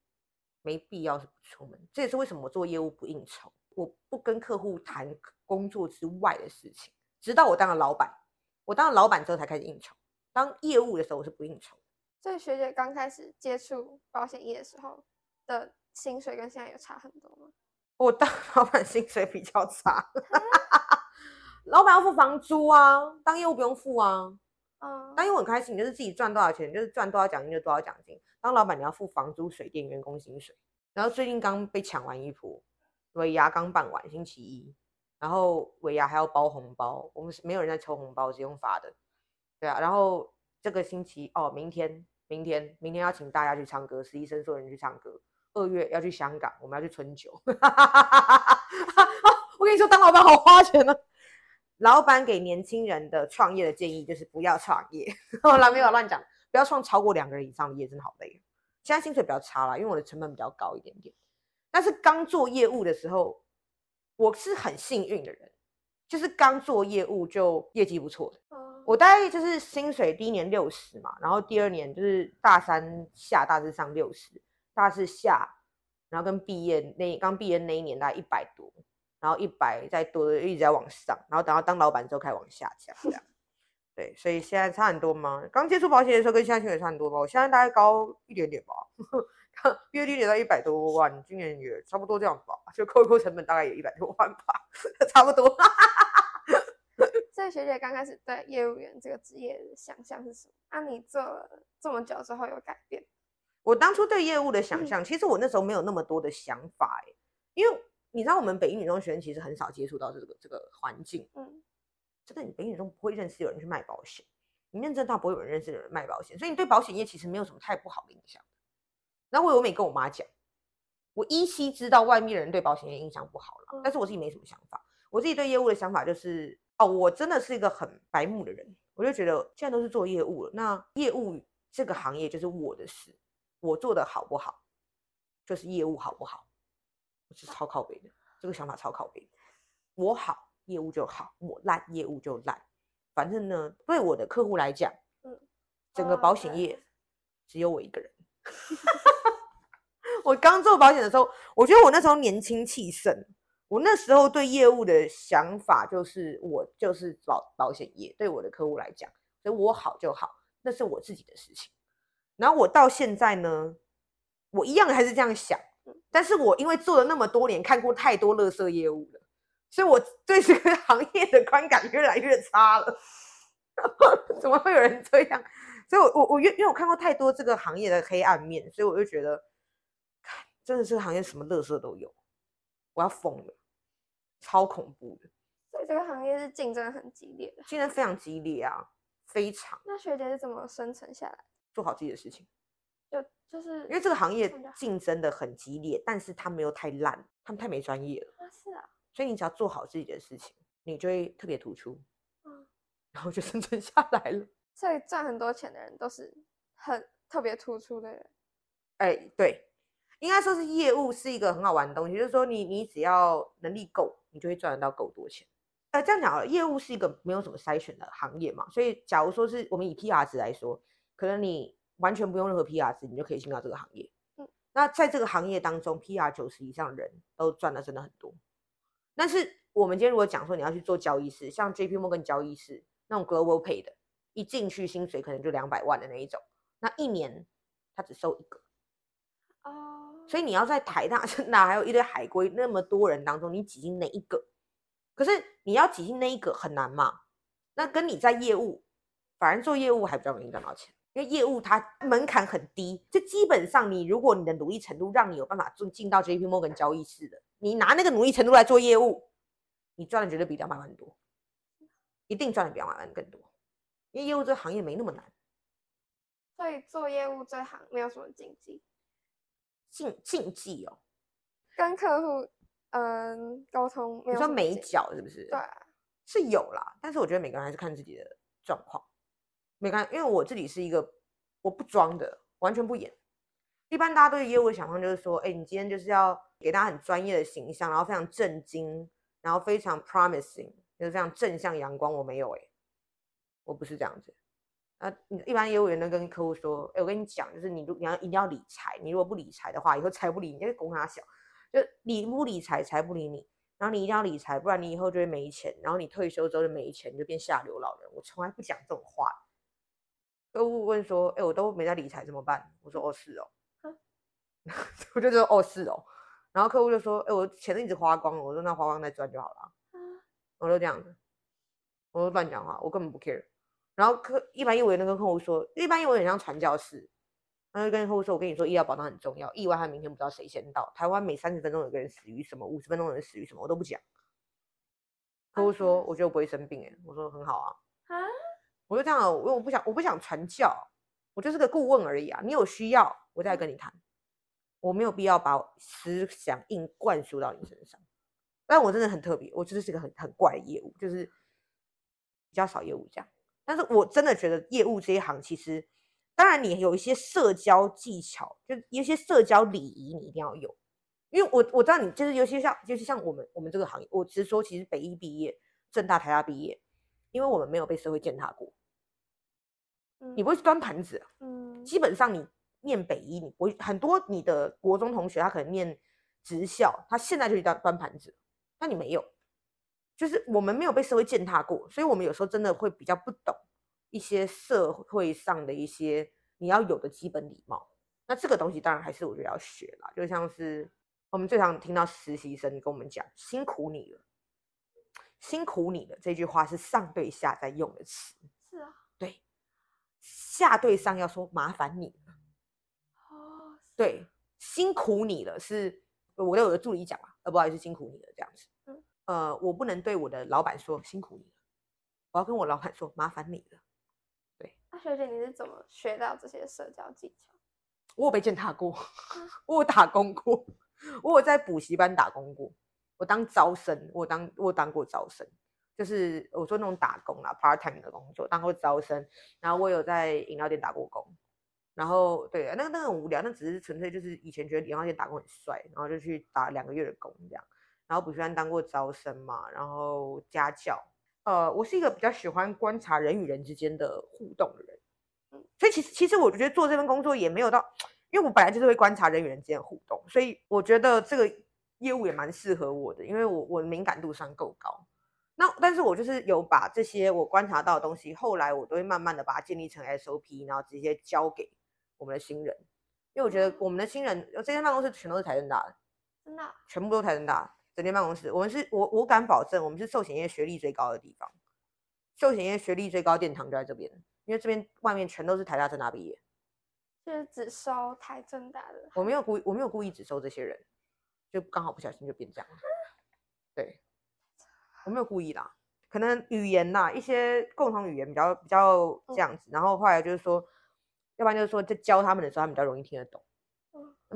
沒必要是不出門。這也是為什麼我做業務不應酬，我不跟客戶談工作之外的事情。直到我當了老闆，我當了老闆之後才開始應酬。當業務的時候我是不應酬。所以學姐剛開始接觸保險業的時候的薪水跟現在有差很多嗎？我當老闆薪水比較差， *laughs* 老闆要付房租啊，當業務不用付啊。那、嗯、又很開心，就是自己賺多少錢，就是賺多少獎金就多少獎金。當老闆你要付房租水、水電、員工薪水。然後最近剛被搶完一波，尾牙剛辦完星期一，然後尾牙還要包紅包，我們沒有人在抽紅包，只用發的。對啊，然後這個星期哦，明天、明天、明天要請大家去唱歌，實習生所有人去唱歌。二月要去香港，我們要去春酒。哈、 *laughs* 啊啊、我跟你說，當老板好花錢呢、啊。老闆給年輕人的創業的建議就是不要創業，我 *laughs* 還、哦、沒有亂講，不要創超過兩個人以上的業，真的好累。現在薪水比較差啦，因為我的成本比較高一點點。但是剛做業務的時候，我是很幸運的人，就是剛做業務就業績不錯的。嗯、我大概就是薪水第一年六十嘛，然後第二年就是大三下大四上六十，大四下，然後跟畢業那剛畢業那一年大概一百多。然後一百再多，一直在往上，然後等到當老闆之後開始往下降，這樣。 *laughs* 對，所以現在差很多嗎？剛接觸保險的時候跟現在其實差很多嗎？我現在大概高一點點吧， *laughs* 月利率到一百多萬，今年也差不多這樣吧，就扣一扣成本大概有一百多萬吧， *laughs* 差不多。這位學姐剛開始對業務員這個職業的想象是什麼？那、啊、你做了這麼久之後有改變？我當初對業務的想象、嗯，其實我那時候沒有那麼多的想法哎、欸，因為。你知道我們北一女中學生其實很少接觸到這個這個環境，嗯，真的，你北一女中不會認識有人去賣保險，你認識到不會有人認識有人賣保險，所以你對保險業其實沒有什麼太不好的印象。那我有沒跟我媽講？我依稀知道外面的人對保險業印象不好了，嗯，但是我自己沒什麼想法。我自己對業務的想法就是，哦，我真的是一個很白目的人，我就覺得現在都是做業務了，那業務這個行業就是我的事，我做的好不好，就是業務好不好。是超靠北的，這個想法超靠北。我好業務就好，我爛業務就爛。反正呢，對我的客戶來講，整個保險業只有我一個人。 *laughs* 我剛做保險的時候，我覺得我那時候年輕氣盛，我那時候對業務的想法就是我就是保保險業，對我的客戶來講，所以我好就好，那是我自己的事情。然後我到現在呢，我一樣還是這樣想。但是我因為做了那麼多年，看過太多垃圾業務了，所以我對這個行業的觀感越來越差了。 *laughs* 怎麼會有人這樣？所以我，我我我因為我看過太多這個行業的黑暗面，所以我就覺得，真的這個行業什麼垃圾都有，我要瘋了，超恐怖的。所以這個行業是競爭很激烈的，競爭非常激烈啊，非常。那學姐是怎麼生存下來的？做好自己的事情。就就是因為這個行業競爭的很激烈，但是他們又太爛，他們太沒專業了。啊是啊，所以你只要做好自己的事情，你就會特別突出。嗯，然後就生存下來了。所以賺很多錢的人都是很特別突出的人。哎、欸，對，應該說是業務是一個很好玩的東西，就是說你你只要能力夠，你就會賺得到夠多錢。呃，這樣講啊，業務是一個沒有什麼篩選的行業嘛，所以假如說是我們以 PR 值來說，可能你。完全不用任何 P R 值，你就可以進到這個行業。嗯，那在這個行業當中，P R 九十以上的人都賺的真的很多。但是我們今天如果講說你要去做交易師，像 J P Morgan 交易師那種 Global Pay 的，一進去薪水可能就兩百萬的那一種，那一年他只收一個。哦、嗯。所以你要在台大那 *laughs* 還有一堆海歸那麼多人當中，你擠進哪一個？可是你要擠進那一個很難嘛？那跟你在業務，反正做業務還比較容易賺到錢。因為業務它門檻很低，就基本上你如果你的努力程度讓你有辦法進進到 JP Morgan 交易室的，你拿那個努力程度來做業務，你賺的絕對比兩百萬多，一定賺的比兩百萬更多。因為業務這行業沒那麼難。所以做業務這行沒有什麼禁忌，禁禁忌哦。跟客戶嗯溝通沒有，你說沒腳是不是？對、啊，是有啦，但是我覺得每個人還是看自己的狀況。沒看，因為我這裡是一個我不裝的，完全不演。一般大家對業務的想象就是說，哎、欸，你今天就是要給大家很專業的形象，然後非常震驚，然後非常 promising，就是非常正向陽光。我沒有誒、欸，我不是這樣子。那、啊、一般業務員都跟客戶說，哎、欸，我跟你講，就是你如你要一定要理財，你如果不理財的話，以後財不理你，你就工他小，就理不理財，財不理你。然後你一定要理財，不然你以後就會沒錢。然後你退休之後就沒錢，你就變下流老人。我從來不講這種話。客戶問說：“哎、欸，我都沒在理財，怎麼辦？”我說：“哦是哦。 *laughs* ”我就說：“哦是哦。”然後客戶就說：“哎、欸，我錢都一直花光了，我說那花光再賺就好了。嗯”我就這樣子，我說亂講話，我根本不 care。然後客一般業務員都跟客戶說，一般業務員很像傳教士，他就跟客戶說：“我跟你說，醫療保障很重要。意外和明天不知道誰先到，台灣每三十分鐘有個人死於什麼，五十分鐘有人死於什麼，我都不講。啊”客戶說、嗯：“我覺得我不會生病。”哎，我說：“很好啊。”我就這樣，我我不想，我不想傳教，我就是個顧問而已啊。你有需要，我再來跟你談。我沒有必要把思想硬灌輸到你身上。但我真的很特別，我真的是一個很很怪的業務，就是比較少業務這樣。但是我真的覺得業務這一行，其實當然你有一些社交技巧，就一些社交禮儀，你一定要有。因為我我知道你就是，尤其像，尤其像我們我們這個行業，我只是說，其實北一畢業，政大台大畢業。因為我們沒有被社會踐踏過，你不會去端盤子。嗯，基本上你念北一，你不會，很多你的國中同學，他可能念職校，他現在就去端端盤子。那你沒有，就是我們沒有被社會踐踏過，所以我們有時候真的會比較不懂一些社會上的一些你要有的基本禮貌。那這個東西當然還是我覺得要學啦，就像是我們最常聽到實習生跟我們講：“辛苦你了。”辛苦你了這句話，是上對下在用的詞，是啊，對，下對上要說麻煩你了，oh, 對，辛苦你了是我對我的助理講嘛，呃，不好意思辛苦你了這樣子。嗯、呃，我不能對我的老板說辛苦你了，我要跟我老板說麻煩你了，對。那、啊、學姐，你是怎麼學到這些社交技巧？我有被踐踏過。啊、我有打工過，我我有在補習班打工過。我當招生，我當我當過招生，就是我做那種打工啦，part time 的工作，當過招生，然後我有在飲料店打過工，然後對，那個那個很無聊，那只是純粹就是以前覺得飲料店打工很帥，然後就去打兩個月的工這樣，然後補習班當過招生嘛，然後家教，呃，我是一個比較喜歡觀察人與人之間的互動的人，所以其實其實我覺得做這份工作也沒有到，因為我本來就是會觀察人與人之間的互動，所以我覺得這個。業務也蠻適合我的，因為我我敏感度上夠高。那但是我就是有把這些我觀察到的東西，後來我都會慢慢的把它建立成 SOP，然後直接交給我們的新人。因為我覺得我們的新人，嗯、這間辦公室全都是台政大的，真的，全部都是台政大。整間辦公室，我們是我我敢保證，我們是壽險業學歷最高的地方。壽險業學歷最高殿堂就在這邊，因為這邊外面全都是台大、政大畢業，就是只收台政大的。我沒有故意，我沒有故意只收這些人。就剛好不小心就變這樣了，對，我沒有故意啦，可能語言吶，一些共同語言比較比較這樣子。嗯，然後後來就是說，要不然就是說在教他們的時候，他們比較容易聽得懂，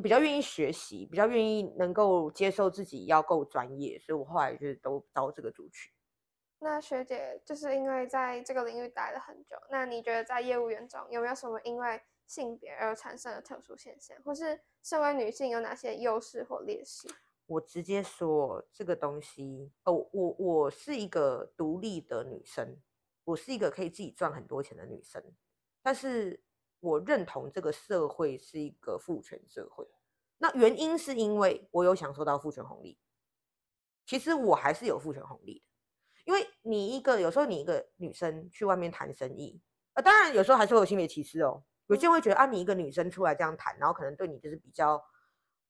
比較願意學習，比較願意能夠接受自己要夠專業，所以我後來就是都招這個族群。那學姐就是因為在這個領域待了很久，那你覺得在業務員中有沒有什麼因為？性別而產生的特殊現象，或是身為女性有哪些優勢或劣勢？我直接說這個東西，哦，我我是一個獨立的女生，我是一個可以自己賺很多錢的女生，但是我認同這個社會是一個父權社會。那原因是因為我有享受到父權紅利，其實我還是有父權紅利的，因為你一個有時候你一個女生去外面談生意，啊，當然有時候還是會有性別歧視哦。有些人會覺得啊，你一個女生出來這樣談，然後可能對你就是比較，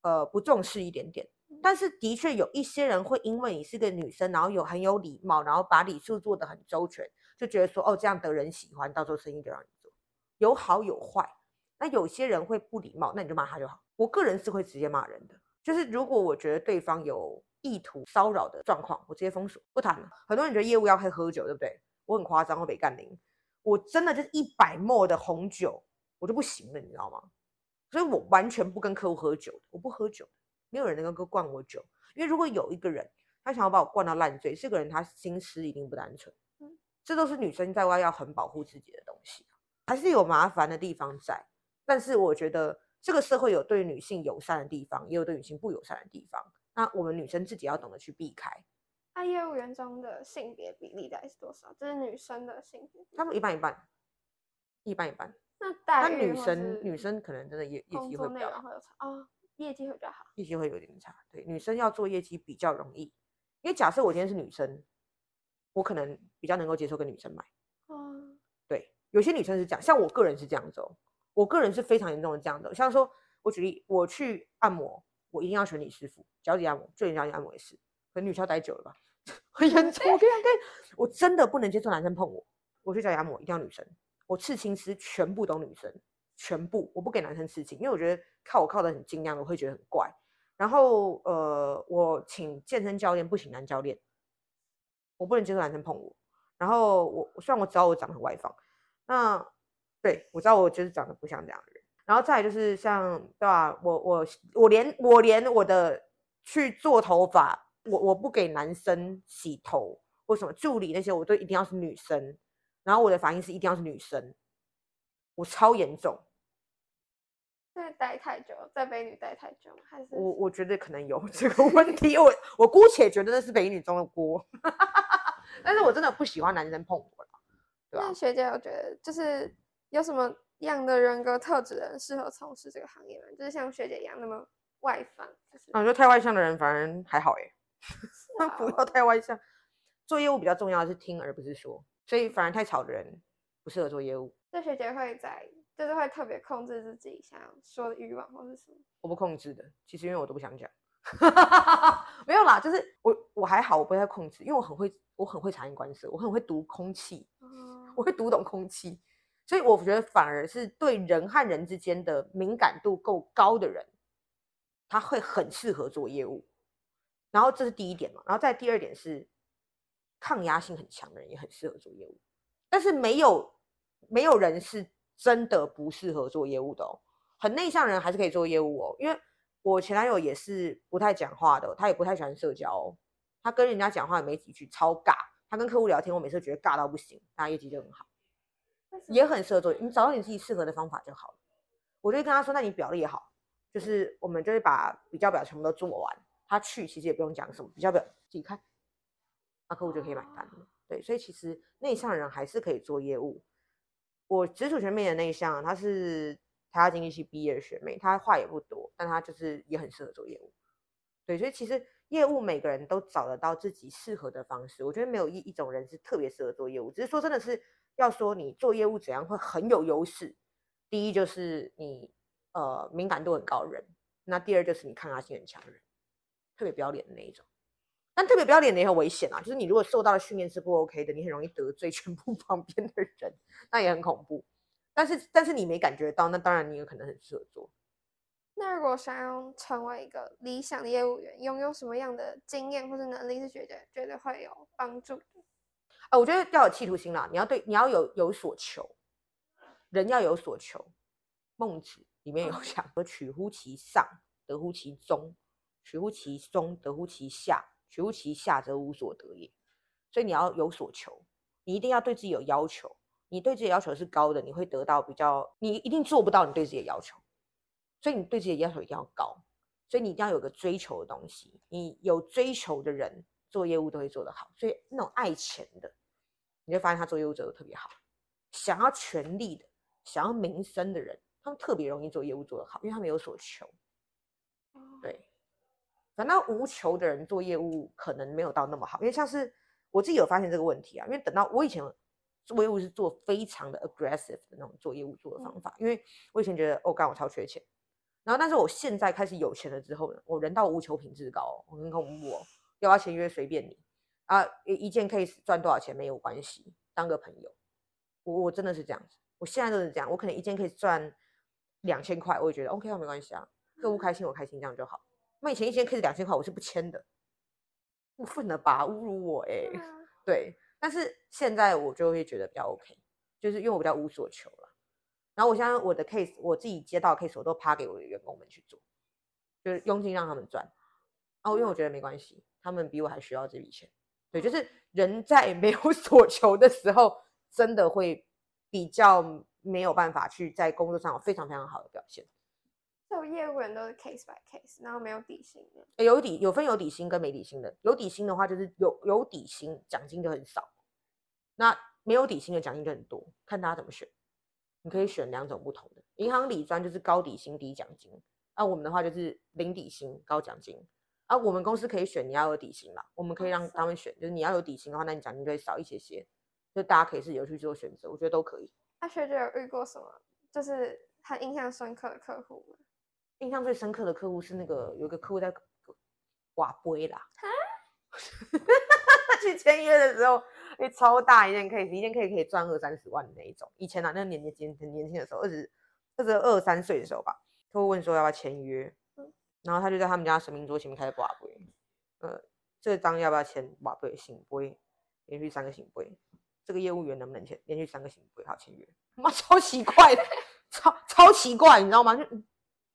呃，不重視一點點。但是的確有一些人會因為你是個女生，然後有很有禮貌，然後把禮數做得很周全，就覺得說哦，這樣得人喜歡，到時候生意就讓你做。有好有壞，那有些人會不禮貌，那你就罵他就好。我個人是會直接罵人的，就是如果我覺得對方有意圖騷擾的狀況，我直接封鎖不談了。很多人覺得業務要陪喝酒，對不對？我很誇張，會北干林，我真的就是一百 ml 的紅酒。.我就不行了，你知道嗎？所以我完全不跟客戶喝酒，我不喝酒，沒有人能夠灌我酒，因為如果有一個人他想要把我灌到爛醉，這個人他心思一定不單純。嗯，這都是女生在外要很保護自己的東西，還是有麻煩的地方在。但是我覺得這個社會有對女性友善的地方，也有對女性不友善的地方。那我們女生自己要懂得去避開。那、啊、業務員中的性別比例大概是多少？這是女生的性別比例，差不多一半一半，一半一半。那但女生女生可能真的業業績會比較好啊、哦，業績會比較好，業績會有點差。對，女生要做業績比較容易，因為假設我今天是女生，我可能比較能夠接受跟女生買。嗯，對，有些女生是這樣，像我個人是這樣走，我個人是非常嚴重的這樣的。像說，我舉例，我去按摩，我一定要選李師傅腳底按摩，最專業按摩師。跟女生待久了吧， *laughs* 很嚴重。我跟你講，我真的不能接受男生碰我，我去腳底按摩一定要女生。我刺青師全部都女生，全部我不給男生刺青，因為我覺得靠我靠得很精良的，那我會覺得很怪。然後呃，我請健身教練不請男教練，我不能接受男生碰我。然後我雖然我知道我長得很外放，那對我知道我就是長得不像這樣的人。然後再就是像對吧？我我我連我連我的去做頭髮，我我不給男生洗頭，或什麼助理那些我都一定要是女生。然後我的反應是一定要是女生，我超嚴重，因為待太久在北女待太久了，還是我我覺得可能有這個問題， *laughs* 因為我我姑且覺得那是北女中的鍋， *laughs* 但是我真的不喜歡男生碰我了，嗯，對。但學姐，我覺得就是有什麼樣的人格特質的人適合從事這個行業呢？就是像學姐一樣那麼外放，啊，我覺得太外向的人反而還好耶，好 *laughs* 不要太外向，做業務比較重要的是聽而不是說。所以反而太吵的人不適合做業務。這學姐會在，就是會特別控制自己想要說的慾望，或是什麼？我不控制的，其實因為我都不想講， *laughs* 沒有啦。就是我我還好，我不太控制，因為我很會，我很會察言觀色，我很會讀空氣、嗯，我會讀懂空氣。所以我覺得反而是對人和人之間的敏感度夠高的人，他會很適合做業務。然後這是第一點嘛，然後再第二點是。抗壓性很強的人也很適合做業務，但是沒有沒有人是真的不適合做業務的哦。很內向的人還是可以做業務哦，因為我前男友也是不太講話的，他也不太喜歡社交哦。他跟人家講話也沒幾句，超尬。他跟客戶聊天，我每次覺得尬到不行，大家業績就很好，也很適合做。你找到你自己適合的方法就好了。我就會跟他說，那你表列也好，就是我們就是把比較表全部都做完，他去其實也不用講什麼比較表，自己看。那、啊、客戶就可以買單了。對，所以其實內向人還是可以做業務。我直屬學妹也內向、啊，她是台大經濟系畢業的學妹，她話也不多，但她就是也很適合做業務。對，所以其實業務每個人都找得到自己適合的方式。我覺得沒有一一種人是特別適合做業務，只是說真的是要說你做業務怎樣會很有優勢。第一就是你呃敏感度很高的人，那第二就是你抗壓性很強的人，特別不要臉的那一種。但特別不要臉也很危險啊！就是你如果受到的訓練是不 OK 的，你很容易得罪全部旁邊的人，那也很恐怖。但是，但是你沒感覺到，那當然你也有可能很適合做。那如果想要成為一個理想的業務員，擁有什麼樣的經驗或是能力是絕對絕對會有幫助的？哎、哦，我覺得要有企圖心啦，你要對你要有有所求，人要有所求。孟子裡面有講說、嗯：取乎其上，得乎其中；取乎其中，得乎其下。求其下則無所得也，所以你要有所求，你一定要對自己有要求，你對自己的要求是高的，你會得到比較，你一定做不到你對自己的要求，所以你對自己的要求一定要高，所以你一定要有個追求的東西，你有追求的人做業務都會做得好，所以那種愛錢的，你就發現他做業務做得特別好，想要權力的，想要名聲的人，他們特別容易做業務做得好，因為他們有所求。可能無求的人做業務，可能沒有到那麼好，因為像是我自己有發現這個問題啊。因為等到我以前做業務是做非常的 aggressive 的那種做業務做的方法，嗯、因為我以前覺得，哦，幹我超缺錢。然後，但是我現在開始有錢了之後呢，我人到無求，品質高、哦。我跟客戶我，要不要簽約隨便你啊，一件 case 賺多少錢沒有關係，當個朋友。我我真的是這樣子，我現在都是這樣，我可能一件可以賺兩千塊，我也覺得、嗯、OK 啊，沒關係啊，客戶開心我開心，這樣就好。我以前一千 case 兩千塊，我是不簽的，過分了吧？侮辱我哎、欸！對，但是現在我就會覺得比較 OK，就是因為我比較無所求了。然後我現在我的 case，我自己接到的 case，我都 pass 給我的員工們去做，就是佣金讓他們賺。哦，因為我覺得沒關係，他們比我還需要這筆錢。對，就是人在沒有所求的時候，真的會比較沒有辦法去在工作上有非常非常好的表現。有業務人都是 case by case，然後沒有底薪的。欸、有底有分有底薪跟沒底薪的。有底薪的話就是有有底薪，獎金就很少；那沒有底薪的獎金就很多，看大家怎麼選。你可以選兩種不同的。銀行理專就是高底薪低獎金，那、啊、我們的話就是零底薪高獎金。啊，我們公司可以選你要有底薪嘛？我們可以讓他們選，是就是你要有底薪的話，那你獎金就會少一些些。就大家可以自由去做選擇，我覺得都可以。阿學姐有遇過什麼就是很印象深刻的客戶？印象最深刻的客戶是那個有一個客戶在瓦杯啦，啊、 *laughs* 去簽約的時候、欸，超大一件 case，一件 case 可以賺二三十萬的那一種。以前呢、啊，那年輕年輕年輕的時候，二十二十二三歲的時候吧，客戶問說要不要簽約、嗯，然後他就在他們家神明桌前面開始瓦杯，呃，這張要不要簽瓦杯？聖杯，連續三個聖杯，這個業務員能不能簽？連續三個聖杯，好，簽約，媽超奇怪超超奇怪，你知道嗎？就。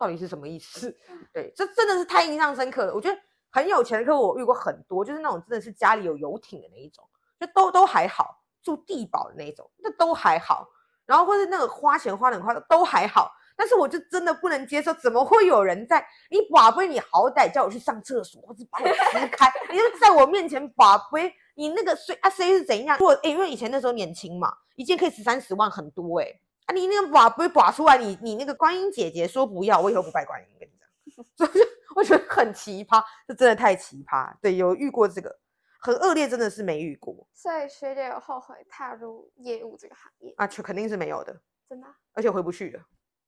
到底是什麼意思？對，這真的是太印象深刻了。我覺得很有錢的客戶我遇過很多，就是那種真的是家裡有遊艇的那一種，就都都還好，住帝寶的那一種，那都還好。然後或者那個花錢花的很快，都還好。但是我就真的不能接受，怎麼會有人在你把杯，你好歹叫我去上廁所，或者把我撕開，你就在我面前把杯，你那個水啊水是怎樣？做、欸、因為以前那時候年輕嘛，一件可以值三十萬，很多、欸你那個把被扒出來，你你那個觀音姐姐說不要，我以後不拜觀音跟，跟你講，所以我覺得很奇葩，這真的太奇葩。對，有遇過這個很惡劣，真的是沒遇過。所以學姐有後悔踏入業務這個行業？啊，就肯定是沒有的，真的、啊，而且回不去的，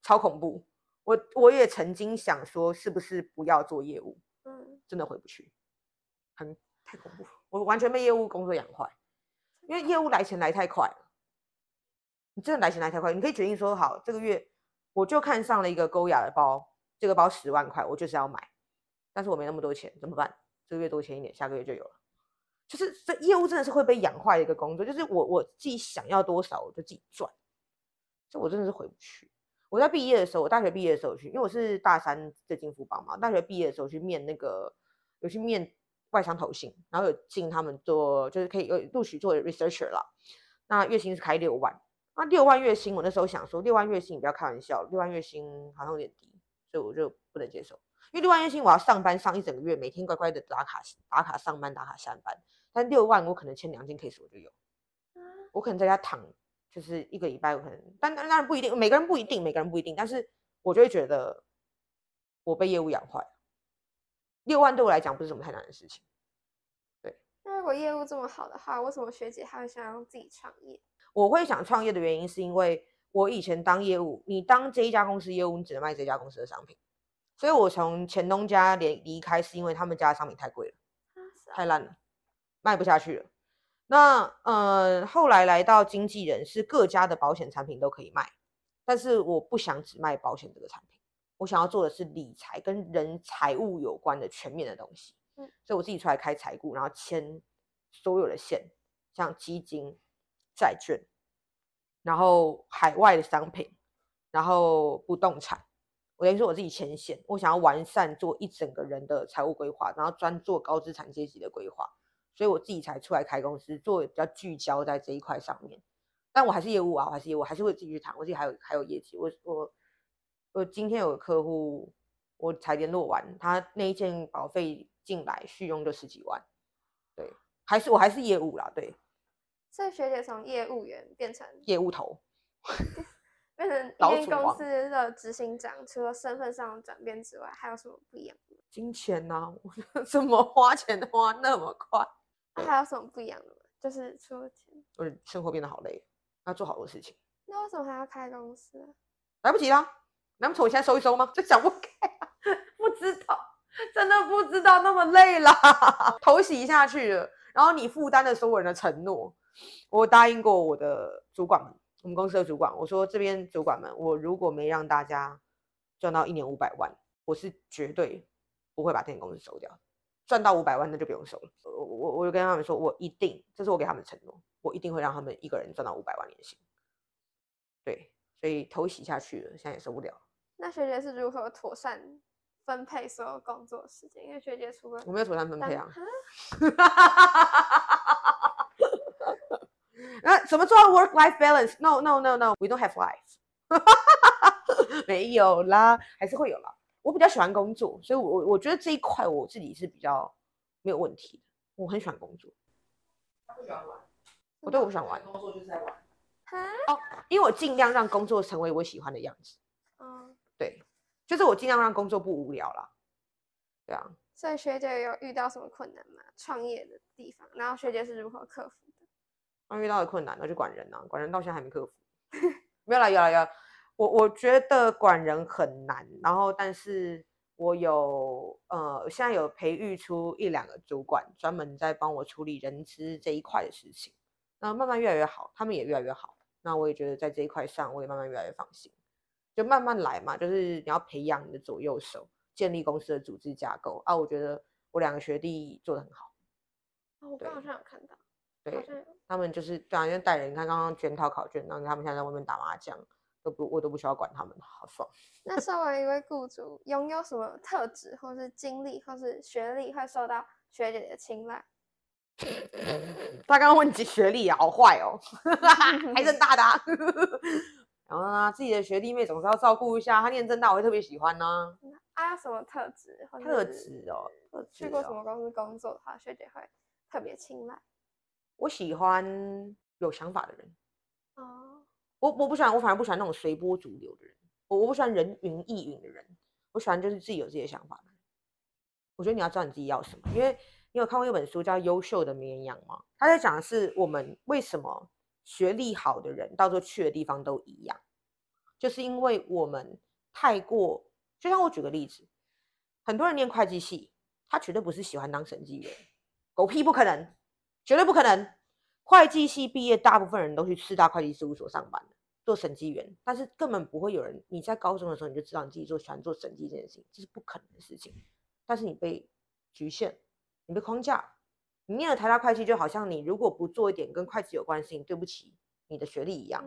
超恐怖。我我也曾經想說，是不是不要做業務？嗯，真的回不去，很太恐怖。我完全被業務工作養壞，因為業務來錢來太快了。你真的來錢來太快，你可以決定說好，這個月我就看上了一個戈雅的包，這個包十萬塊，我就是要買，但是我沒那麼多錢，怎麼辦？這個月多簽一點，下個月就有了。就是這業務真的是會被養壞的一個工作，就是我我自己想要多少，我就自己賺。這我真的是回不去。我在畢業的時候，我大學畢業的時候去，因為我是大三在金服寶嘛，大學畢業的時候去面那個，有去面外商投信，然後有進他們做，就是可以有錄取做 researcher 了。那月薪是開六萬。那六萬月薪，我那時候想說，六萬月薪你不要開玩笑，六萬月薪好像有點低，所以我就不能接受。因為六萬月薪我要上班上一整個月，每天乖乖的打卡，打卡上班，打卡下班。但六萬我可能簽兩件 case 我就有、嗯，我可能在家躺就是一個禮拜，可能，但當然不一定，每個人不一定，每個人不一定，但是我就會覺得我被業務養壞了。六萬對我來講不是什麼太難的事情，對。那如果業務這麼好的話，為什麼學姐還想要自己創業？我會想創業的原因是因為我以前當業務，你當這一家公司業務，你只能賣這家公司的商品，所以我從前東家連離開是因為他們家的商品太貴了，太爛了，賣不下去了。那呃後來來到經紀人，是各家的保險產品都可以賣，但是我不想只賣保險這個產品，我想要做的是理財跟人財務有關的全面的東西。嗯，所以我自己出來開財顧，然後簽所有的線，像基金。債券，然後海外的商品，然後不動產。我跟你說，我自己淺顯，我想要完善做一整個人的財務規劃，然後專做高資產階級的規劃，所以我自己才出來開公司，做比較聚焦在這一塊上面。但我還是業務啊，我還是業務，還是會繼續談。我自己還有還有業績，我我我今天有個客戶，我才聯絡完，他那一件保費進來續佣就十幾萬，對，還是我還是業務啦，對。所以學姐從業務員變成業務頭，就是、變成公司的執行長，除了身份上的轉變之外，還有什麼不一樣的？金錢啊，我怎麼花錢花那麼快？還有什麼不一樣的？就是除了錢，就是生活變得好累，要做好多事情。那為什麼還要開公司啊？來不及啦，難不成我現在收一收嗎？就想不開、啊，不知道，真的不知道那麼累啦。頭 *laughs* 洗下去了，然後你負擔了所有人的承諾。我答應過我的主管，我們公司的主管，我說這邊主管們，我如果沒讓大家賺到一年五百萬，我是絕對不會把電影公司收掉。賺到五百萬那就不用收了。我我就跟他們說，我一定，這是我給他們的承諾，我一定會讓他們一個人賺到五百萬年薪。對，所以頭洗下去了，現在也受不了。那學姐是如何妥善分配所有工作時間？因為學姐除了我沒有妥善分配啊。 *laughs* 那、啊、怎麼做到 work life balance？No no no no，we no, don't have life。 *laughs* 沒有啦，還是會有啦。我比較喜歡工作，所以我，我我覺得這一塊我自己是比較沒有問題。我很喜歡工作。他不喜歡玩。我對我不喜歡玩。嗯、工作就是在玩哈。哦，因為我盡量讓工作成為我喜歡的樣子。嗯，對，就是我盡量讓工作不無聊啦。對啊。所以學姐有遇到什麼困難嗎？創業的地方，然後學姐是如何克服？剛、啊、遇到的困難，那就管人啊，管人到現在還沒克服。沒有了，有了，有了。我我覺得管人很難，然後但是我有呃，現在有培育出一兩個主管，專門在幫我處理人資這一塊的事情。那慢慢越來越好，他們也越來越好。那我也覺得在這一塊上，我也慢慢越來越放心。就慢慢來嘛，就是你要培養你的左右手，建立公司的組織架構啊。我覺得我兩個學弟做得很好。啊，我剛好像有看到。對，他們就是對啊，因為帶人。你看剛剛捲套考卷，然後他們現在在外面打麻將，都不我都不需要管他們，好爽。那身為一位雇主擁有什麼特質，或是經歷，或是學歷，會受到學姐，姐的青睞？ *laughs* 他剛剛問及學歷好壞哦， *laughs* 還政大的。啊。然後呢，自己的學弟妹總是要照顧一下，他念政大，我會特別喜歡呢、啊。啊，什麼特質？或特質哦。或、哦、去過什麼公司工作的話，學姐會特別青睞。我喜歡有想法的人啊、哦,我我不喜歡，我反而不喜歡那種隨波逐流的人，我我不喜歡人云亦云的人，我喜歡就是自己有自己的想法的人。我覺得你要知道你自己要什麼，因為你有看過一本書叫《優秀的綿羊》嗎？他在講的是我們為什麼學歷好的人到時候去的地方都一樣，就是因為我們太過。就像我舉個例子，很多人念會計系，他絕對不是喜歡當審計員，狗屁不可能。絕對不可能！會計系畢業，大部分人都去四大會計事務所上班，做審計員。但是根本不會有人，你在高中的時候你就知道你自己做喜歡做審計這件事情，這是不可能的事情。但是你被局限，你被框架。你念了台大會計，就好像你如果不做一點跟會計有關係，對不起你的學歷一樣；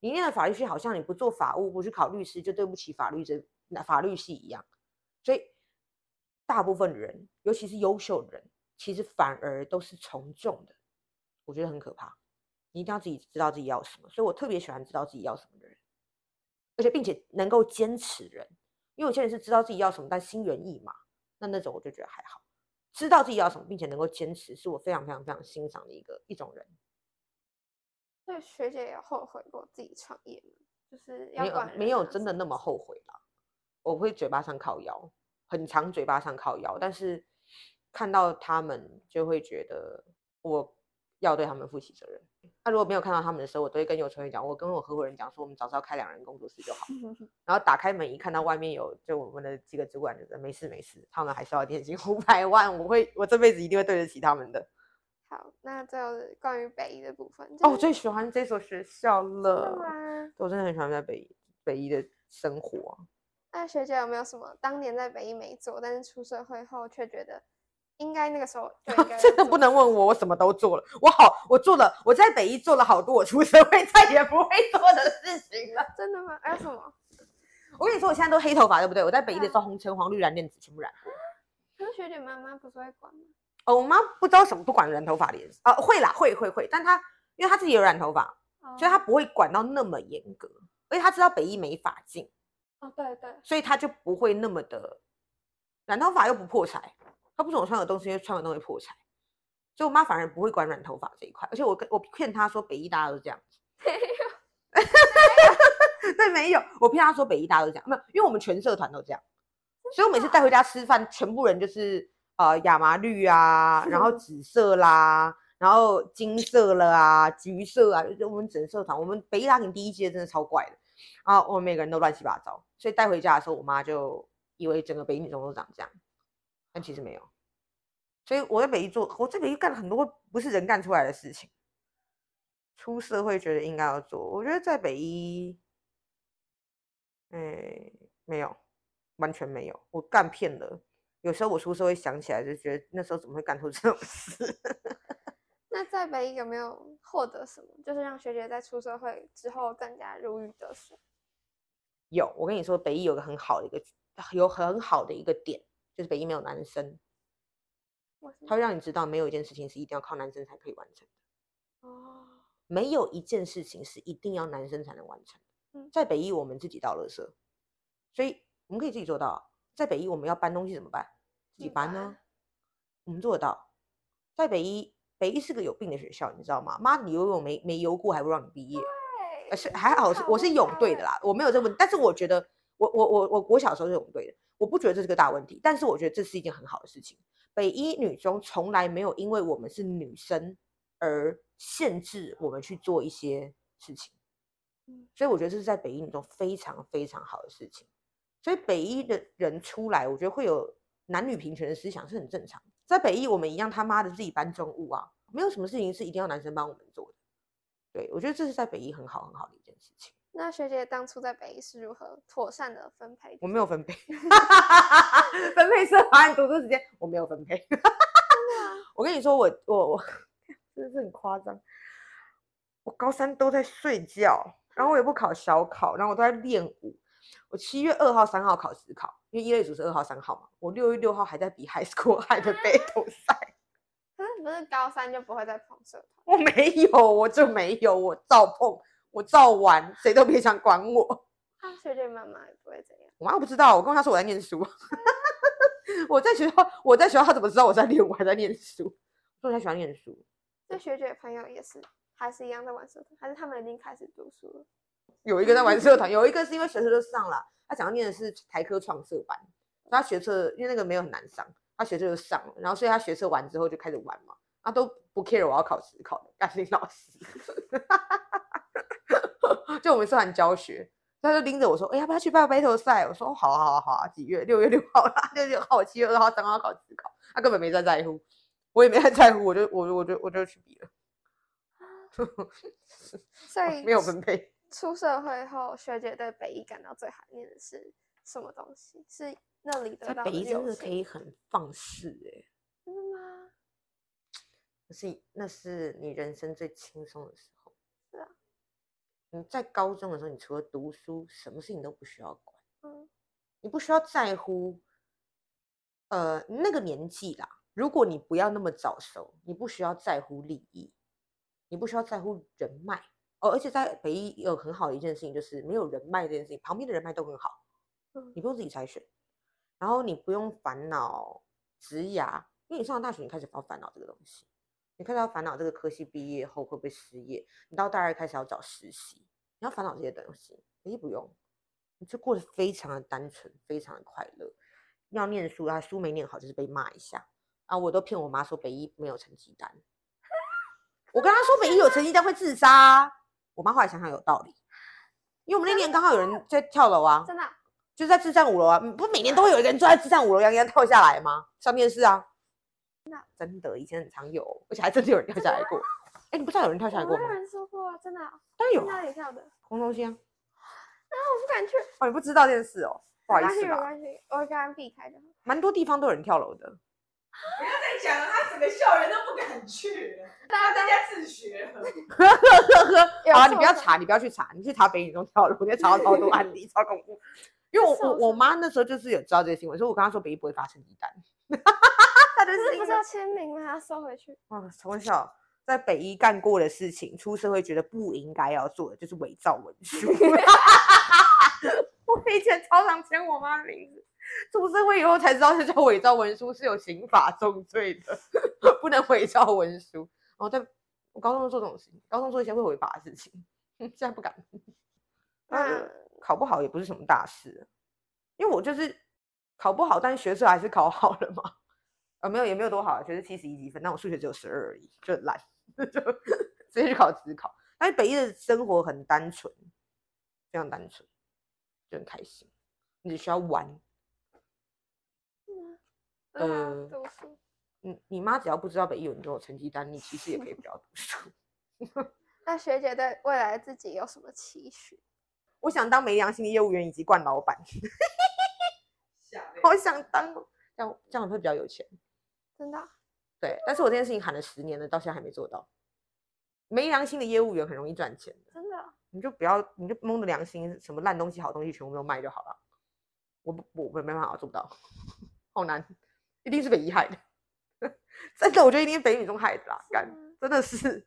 你念了法律系，好像你不做法務，不去考律師，就對不起法律這那法律系一樣。所以，大部分的人，尤其是優秀的人。其實反而都是從眾的，我覺得很可怕。你一定要自己知道自己要什麼，所以我特別喜歡知道自己要什麼的人，而且並且能夠堅持人。因為有些人是知道自己要什麼，但心猿意馬，那那種我就覺得還好。知道自己要什麼，並且能夠堅持，是我非常非常非常欣賞的一個一種人。那學姐也後悔過自己創業，就是要沒有，沒有真的那麼後悔了。我會嘴巴上靠腰很長，嘴巴上靠腰，但是。看到他們就會覺得我要對他們負起責任。那、啊、如果沒有看到他們的時候，我都會跟有成員講，我跟我合夥人講說，我們早知道開兩人工作室就好。 *laughs* 然後打開門一看到外面有，就我們的幾個主管就說沒事沒事，他們還是要年薪五百萬，我會我這輩子一定會對得起他們的。好，那最後關於北一的部分、就是、哦，我最喜歡這所學校了。對，我真的很喜歡在北北一的生活。那學姐有沒有什麼當年在北一沒做，但是出社會後卻覺得？應該那個時候， *laughs* 真的不能問我，我什麼都做了，我好，我做了，我在北一做了好多我出生會再也不會做的事情了。 *laughs* 真的嗎？還、哎，有什麼？ *laughs* 我跟你說，我現在都黑頭髮，對不對？我在北一的時候紅，紅橙黃綠藍靛紫全部染。那 *laughs* 學姐媽媽不會管嗎？哦，我媽不知道什麼不管染頭髮的顏色啊，oh, mom, 會啦，會會會，但她因為她自己有染頭髮，oh. 所以她不會管到那麼嚴格，而且她知道北一沒髮禁啊，oh, 對對，所以她就不會那麼的染頭髮又不破財。她不准我穿很多東西，因為穿很多東西破財。所以我媽反而不會管染頭髮這一塊。而且我跟我騙她說北一大家都是這樣子。沒有，哈哈哈哈哈對，沒有。我騙她說北一大家都是這樣。沒有，因為我們全社團都這樣。所以我每次帶回家吃飯，全部人就是呃亞麻綠啊，然後紫色啦，然後金色啦、啊，橘色啊。就是、我們整社團，我們北一 Lockin 第一屆真的超怪的。然後我們每個人都亂七八糟。所以帶回家的時候，我媽就以為整個北一女生都長這樣。其實沒有，所以我在北一做，我在北一幹了很多不是人幹出來的事情。出社會覺得應該要做，我覺得在北一，哎、欸，沒有，完全沒有，我幹騙了。有時候我出社會想起來，就覺得那時候怎麼會幹出這種事？那在北一有沒有獲得什麼，就是讓學姐在出社會之後更加如魚得水？有，我跟你說，北一有個很好的一個，有很好的一個點。就是北一沒有男生，他會讓你知道，沒有一件事情是一定要靠男生才可以完成的。哦，沒有一件事情是一定要男生才能完成。嗯，在北一我們自己倒垃圾，所以我們可以自己做到。在北一我們要搬東西怎麼辦？自己搬呢？嗯、我們做得到。在北一，北一是個有病的學校，你知道嗎？媽，你游泳沒沒游過，還不讓你畢業？呃，是還好，是我是泳隊的啦，我沒有這問，但是我覺得。我我我我我小時候是紅對的，我不覺得這是個大問題，但是我覺得這是一件很好的事情。北一女中從來沒有因為我們是女生而限制我們去做一些事情，嗯，所以我覺得這是在北一女中非常非常好的事情。所以北一的人出來，我覺得會有男女平權的思想是很正常的。在北一我們一樣他媽的自己搬重物啊，沒有什麼事情是一定要男生幫我們做的。對，我覺得這是在北一很好很好的一件事情。那學姐當初在北一是如何妥善的分配？我沒有分配，分配社團你讀書時間，我沒有分配。真的啊！我跟你說我，我我我真的是很誇張，我高三都在睡覺，然後我也不考小考，然後我都在練舞。我七月二號、三號考指考，因為一類組是二號、三號嘛。我六月六號還在比海斯酷愛的背頭賽。不、啊、 *laughs* *laughs* 是高三就不會再碰社團？我沒有，我就沒有，我照碰。我照玩，誰都別想管我。啊，學姐媽媽不會這樣？我媽不知道，我跟她說我在念書。 *laughs* 我在學校，我在學校，她怎麼知道我在念？我還在念書，重點在喜歡念書。那學姐朋友也是，還是一樣在玩社團，還是他們已經開始讀書了？有一個在玩社團，有一個是因為學測就上了。他想要念的是台科創設班，他學測因為那個沒有很難上，他學測就上了，然後所以她學測完之後就開始玩嘛。他都不 care 我要考試考的，感謝老師。 *laughs* *laughs* 就我們社團教學，他就拎着我說：“哎、欸，要不要去辦 Battle 賽？”我說：“好啊，好啊，好啊，幾月？六月六號啦，六月六號、七月二號，剛剛要考指考，他、啊、根本沒太在，在乎，我也沒太在，在乎，我就我我就我就去比了。北一沒有分配。出社會後，學姐對北一感到最懷念的是什麼東西？是那裡的北一真的是可以很放肆、欸，哎、嗯，真的嗎？是，那是你人生最輕鬆的時候。”你在高中的時候，你除了讀書，什麼事情都不需要管。嗯，你不需要在乎，呃，那個年紀啦。如果你不要那麼早熟，你不需要在乎利益，你不需要在乎人脈哦。而且在北一有很好的一件事情，就是沒有人脈這件事情，旁邊的人脈都很好，嗯，你不用自己篩選，然後你不用煩惱職涯，因為你上了大學，你開始不要煩惱這個東西。你看到煩惱這個科系畢業後會不會失業？你到大二開始要找實習，你要煩惱這些東西？你不用，你就過得非常的單純，非常的快樂。要念書啊，書沒念好就是被罵一下啊。我都騙我媽說北一沒有成績單，我跟她說北一有成績單會自殺、啊。我媽後來想想有道理，因為我們那年剛好有人在跳樓啊，真的，就在自強五樓啊，不，不每年都會有一個人坐在自強五樓洋洋跳下來嗎？上電視啊。真的，以前很常有，而且還真的有人跳下來過。哎、欸，你不知道有人跳下來過嗎？我有人說過，啊，真的、啊。當然有。哪裡跳的？紅樓星。啊，我不敢去。哦，你不知道這件事哦，不好意思。沒關係，我剛剛避開的。蠻多地方都有人跳樓的。不要再講了，他整個校園都不敢去，大家在家自學。呵呵呵呵。啊，你不要查，你不要去查，你去查北一女中跳樓，我覺得查了超多案例，超恐怖。因為我 *laughs* 我媽那時候就是有知道這些新聞，所以我跟她說北一不會發生極端。 *laughs* 是是不是要簽名嗎？要收回去啊！從小在北一幹過的事情，出社會覺得不應該要做的就是偽造文書。 *laughs* *laughs* 我以前超常簽我媽名字，出社會以後才知道這叫偽造文書，是有刑法重罪的，不能偽造文書。然、哦、後在我高中都做這種事情，高中做一些會違法的事情，現在不敢。那考不好也不是什麼大事，因為我就是考不好，但學測還是考好了嘛。啊、哦，沒有也沒有多好，就是七十一級分，那我數學只有十二而已，就很爛，就直接去考指考。但是北一的生活很單純，非常單純，就很開心，你只需要玩。嗯，對、呃、啊，讀書。嗯，你媽只要不知道北一有你這成績單，你其實也可以不要讀書。 *laughs* 那學姐對未來自己有什麼期許？我想當沒良心的業務員以及慣老闆 *laughs* ，好想當這樣，這樣會比較有錢。真的、啊，對的、啊，但是我這件事情喊了十年了，到現在還沒做到。沒良心的業務員很容易賺錢的真的、啊，你就不要，你就蒙着良心，什麼爛東西、好東西全部都賣就好了。我我我沒辦法做不到，好 *laughs* 難，一定是北一害的。 *laughs* 真的，我覺得一定是北一女中害的啦，啊、幹真的是，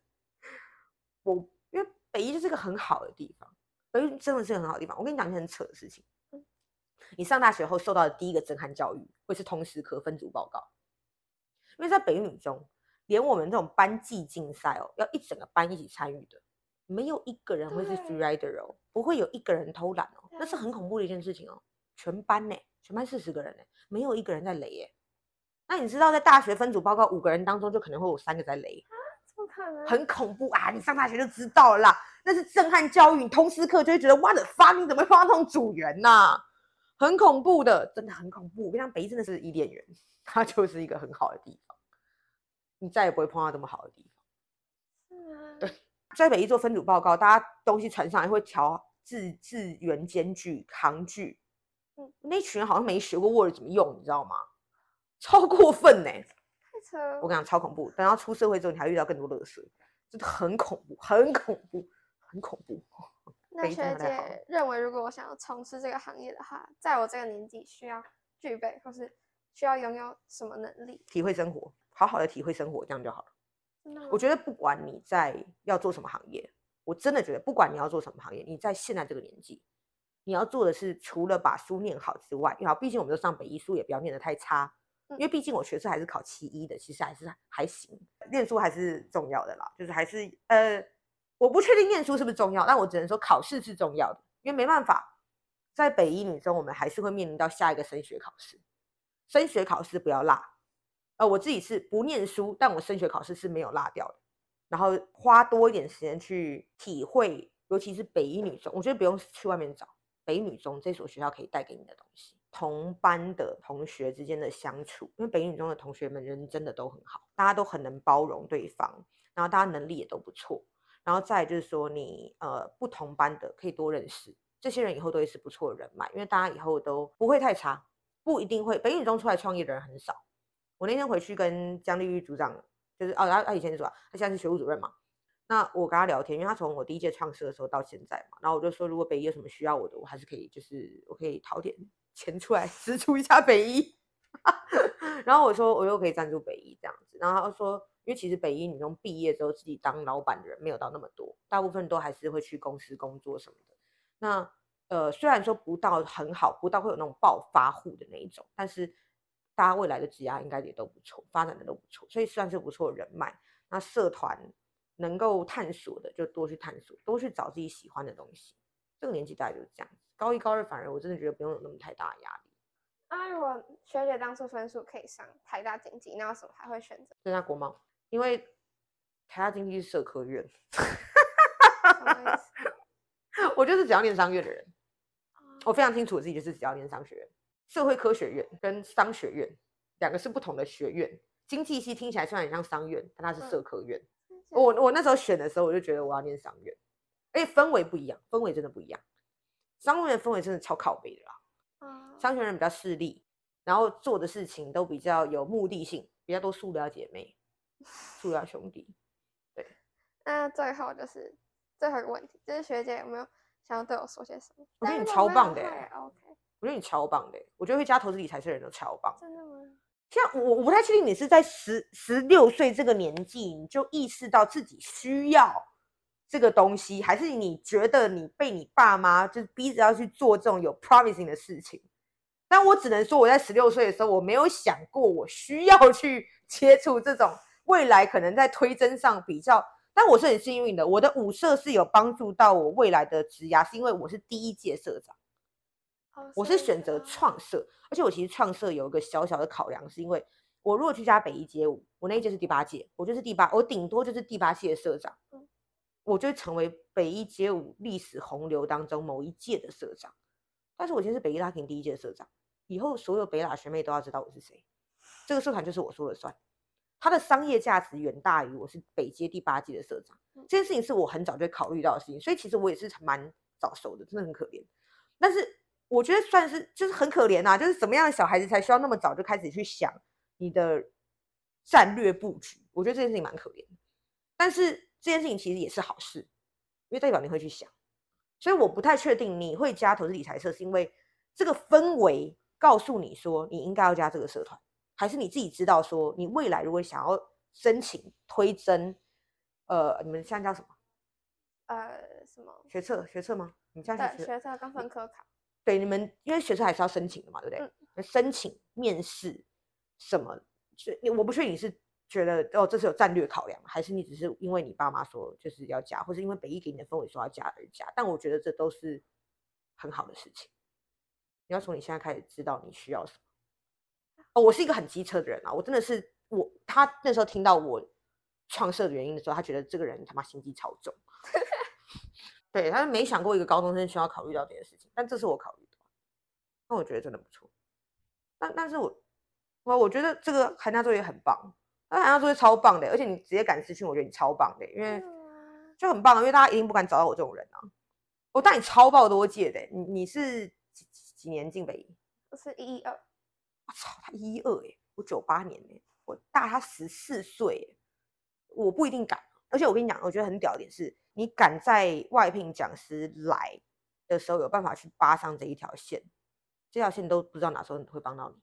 我因為北一就是一個很好的地方，北一，真的是個很好的地方。我跟你講一件很扯的事情、嗯，你上大學後受到的第一個震撼教育，會是同時可分組報告。因為在北一女中，連我們這種班級競賽哦，要一整個班一起參與的，沒有一個人會是 free rider 不會有一個人偷懶哦，那是很恐怖的一件事情哦。全班呢，全班四十個人呢，沒有一個人在雷耶。那你知道在大學分組報告五個人當中，就可能會有三個在雷，怎、啊、麼可能？很恐怖啊！你上大學就知道了啦，那是震撼教育。你通識課就會覺得哇的發，你怎麼會碰到這種組員吶？很恐怖的，真的很恐怖。像北一真的是伊甸園，它就是一個很好的地方。你再也不會碰到這麼好的地方。是嗎？對，在北一做分組報告，大家東西傳上來會調字字元間距、行距。嗯。那群人好像沒學過 Word 怎麼用，你知道嗎？超過分呢、欸，我跟你講，超恐怖。等到出社會之後，你還會遇到更多垃圾，真的很恐怖，很恐怖，很恐怖。那學姐認為，如果我想要從事這個行業的話，在我這個年紀需要具備或是需要擁有什麼能力？體會生活。好好的體會生活，這樣就好了。No. 我覺得不管你在要做什麼行業，我真的覺得不管你要做什麼行業，你在現在這個年紀，你要做的是除了把書念好之外，因為畢竟我們都上北一，書也不要念得太差。No. 因為畢竟我學測還是考七一的，其實還是還行。念書還是重要的啦，就是還是呃，我不確定念書是不是重要，但我只能說考試是重要的，因為沒辦法，在北一女中我們還是會面臨到下一個升學考試，升學考試不要落。呃，我自己是不念書，但我升學考試是沒有落掉的。然後花多一點時間去體會，尤其是北一女中，我覺得不用去外面找，北一女中這所學校可以帶給你的東西。同班的同學之間的相處，因為北一女中的同學們人真的都很好，大家都很能包容對方，然後大家能力也都不錯。然後再就是說你，你呃不同班的可以多認識這些人，以後都會是不錯的人脈，因為大家以後都不會太差，不一定會北一女中出來創業的人很少。我那天回去跟姜麗玉組長，就是哦，她她以前是吧，她現在是學務主任嘛。那我跟她聊天，因為她從我第一屆創社的時候到現在嘛。然後我就說，如果北一有什麼需要我的，我還是可以，就是我可以掏點錢出來資助一下北一。 *laughs* 然後我說，我又可以贊助北一這樣子。然後她說，因為其實北一女生畢業之後自己當老闆的人沒有到那麼多，大部分都還是會去公司工作什麼的。那呃，雖然說不到很好，不到會有那種暴發戶的那一種，但是。大家未來的職涯應該也都不錯，發展的都不錯，所以算是不錯的人脈。那社團能夠探索的，就多去探索，多去找自己喜歡的東西。這個年紀大家就是這樣，高一高二反而我真的覺得不用有那麼太大的壓力。哎，我學姐當初分數可以上台大經濟，那為什麼還會選擇參加國貿？因為台大經濟是社科院。哈哈哈哈哈，我就是只要念商院的人，嗯，我非常清楚我自己就是只要念商學院。社會科學院跟商學院兩個是不同的學院，經濟系聽起來雖然很像商院，但它是社科院。謝謝我我那時候選的時候，我就覺得我要念商院，哎，氛圍不一樣，氛圍真的不一樣。商學院氛圍真的超靠北的啦、嗯，商學院人比較勢利，然後做的事情都比較有目的性，比較多塑料姐妹、塑料兄弟。對。那最後就是最後一個問題，就是學姐有沒有想要對我說些什麼？我覺得你超棒的、欸。 *laughs* OK。我覺得你超棒的、欸，我覺得會加投資理財的人都超棒。真的嗎？像我，我不太確定你是在十十六歲這個年紀，你就意識到自己需要這個東西，還是你覺得你被你爸媽就是逼着要去做這種有 promising 的事情？但我只能說，我在十六歲的時候，我沒有想過我需要去接觸這種未來可能在推甄上比較。但我是很幸運的，我的五社是有幫助到我未來的職涯，是因為我是第一屆社長。Oh, so、我是選擇創社、啊，而且我其實創社有一個小小的考量，是因為我如果去加北一街舞，我那一屆是第八屆，我就是第八，我頂多就是第八屆的社長，嗯、我就會成為北一街舞歷史洪流當中，某一屆的社長。但是我現在是北一大庭第一屆的社長，以後所有北大學妹都要知道我是誰，這個社團就是我說了算，它的商業價值遠大於我是北街第八屆的社長、嗯，這件事情是我很早就考慮到的事情，所以其實我也是蠻早熟的，真的很可憐，但是。我覺得算是就是很可憐吶、啊，就是怎麼樣的小孩子才需要那麼早就開始去想你的戰略布局？我覺得這件事情蠻可憐的，但是這件事情其實也是好事，因為代表你會去想。所以我不太確定你會加投資理財社，是因為這個氛圍告訴你說你應該要加這個社團，還是你自己知道說你未來如果想要申請推甄。呃，你們現在叫什麼？呃，什麼學測學測嗎？你現在學測剛分科考。對，你們因為學測還是要申請的嘛，對不對？申請面試什麼？我不確定你是覺得哦，這是有戰略考量，還是你只是因為你爸媽說就是要加，或是因為北一給你的氛圍說要加而加。但我覺得這都是很好的事情。你要從你現在開始知道你需要什麼。哦，我是一個很機車的人啊，我真的是，我他那時候聽到我創社的原因的時候，他覺得這個人他媽心機超重。 *laughs* 對，他就沒想過一個高中生需要考慮到這件事情。但這是我考慮。那我覺得真的不錯，但但是我我覺得這個寒假作業很棒，那寒假作業超棒的、欸，而且你直接敢私訊，我覺得你超棒的、欸，因為就很棒，因為大家一定不敢找到我這種人啊，我帶你超爆多屆的、欸，你你是幾幾年進北一？我是一,一二，我、啊、操，他一二哎、欸，我九八年哎、欸，我大他十四歲哎，我不一定敢，而且我跟你講，我覺得很屌一點是，你敢在外聘講師來的時候有辦法去扒上這一條線。這條線都不知道哪時候會幫到你，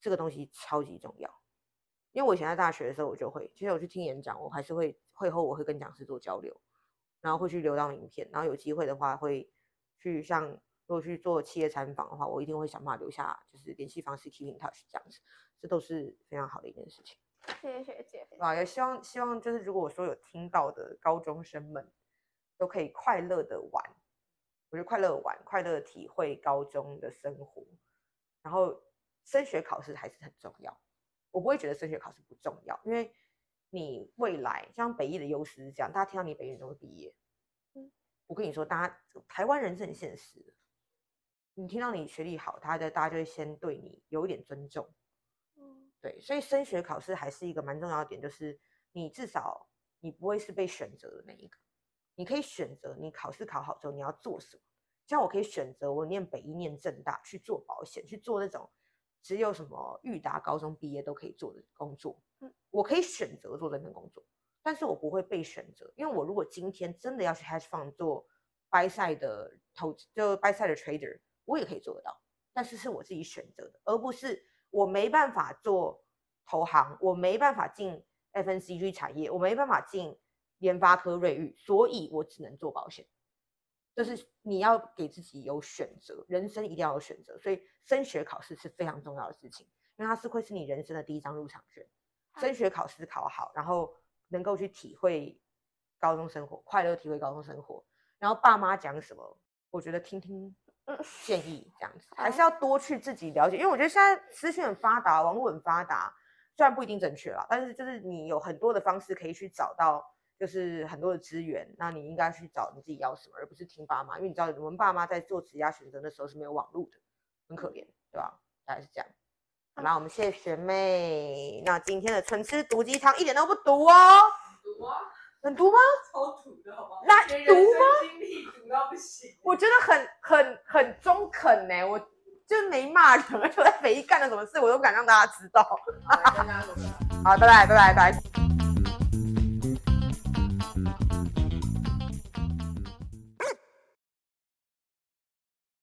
這個東西超級重要。因為我以前在大學的時候，我就會，其實我去聽演講，我還是會會後我會跟講師做交流，然後會去留到名片，然後有機會的話會去像如果去做企業參訪的話，我一定會想辦法留下就是聯繫方式，keep in touch 這樣子，這都是非常好的一件事情。謝謝學姐。啊，也希望希望就是如果我說有聽到的高中生們，都可以快樂的玩。我就快樂玩，快樂體會高中的生活，然後升學考試還是很重要。我不會覺得升學考試不重要，因為你未來像北一的優勢是這樣，大家聽到你北一就會畢業。嗯，我跟你說，大家台灣人是很現實的，你聽到你學歷好，他的大家就會先對你有一點尊重。嗯，對，所以升學考試還是一個蠻重要的點，就是你至少你不會是被選擇的那一個。你可以選擇你考試考好之後你要做什麼，像我可以選擇我念北一念政大去做保險，去做那種只有什麼裕達高中畢業都可以做的工作。嗯。我可以選擇做這種工作，但是我不會被選擇，因為我如果今天真的要去 hedge fund 做 buy side 的投，就 buy side 的 trader，我也可以做得到，但是是我自己選擇的，而不是我沒辦法做投行，我沒辦法進 F N C G 產業，我沒辦法進。聯發科、瑞昱，所以我只能做保險。就是，你要給自己有選擇，人生一定要有選擇。所以升學考試是非常重要的事情，因為它是會是你人生的第一張入場券。升學考試考好，然後能夠去體會高中生活，快樂體會高中生活。然後爸媽講什麼，我覺得聽聽建議、嗯、這樣子，還是要多去自己了解。因為我覺得現在資訊很發達，網絡很發達，雖然不一定正確啦，但是就是你有很多的方式可以去找到。就是很多的資源，那你應該去找你自己要什麼，而不是聽爸媽。因為你知道，我們爸媽在做職涯選擇的時候是沒有網路的，很可憐，對吧？大概是這樣。好啦，我們謝謝學妹。那今天的純喫毒雞湯一點都不毒哦，毒啊？很毒嗎？超土的，好嗎？那毒嗎？毒我覺得很很很中肯呢、欸。我就沒罵人，而且我在北一幹了什麼事，我都不敢讓大家知道。 *laughs* 好，好，拜拜拜拜拜。拜拜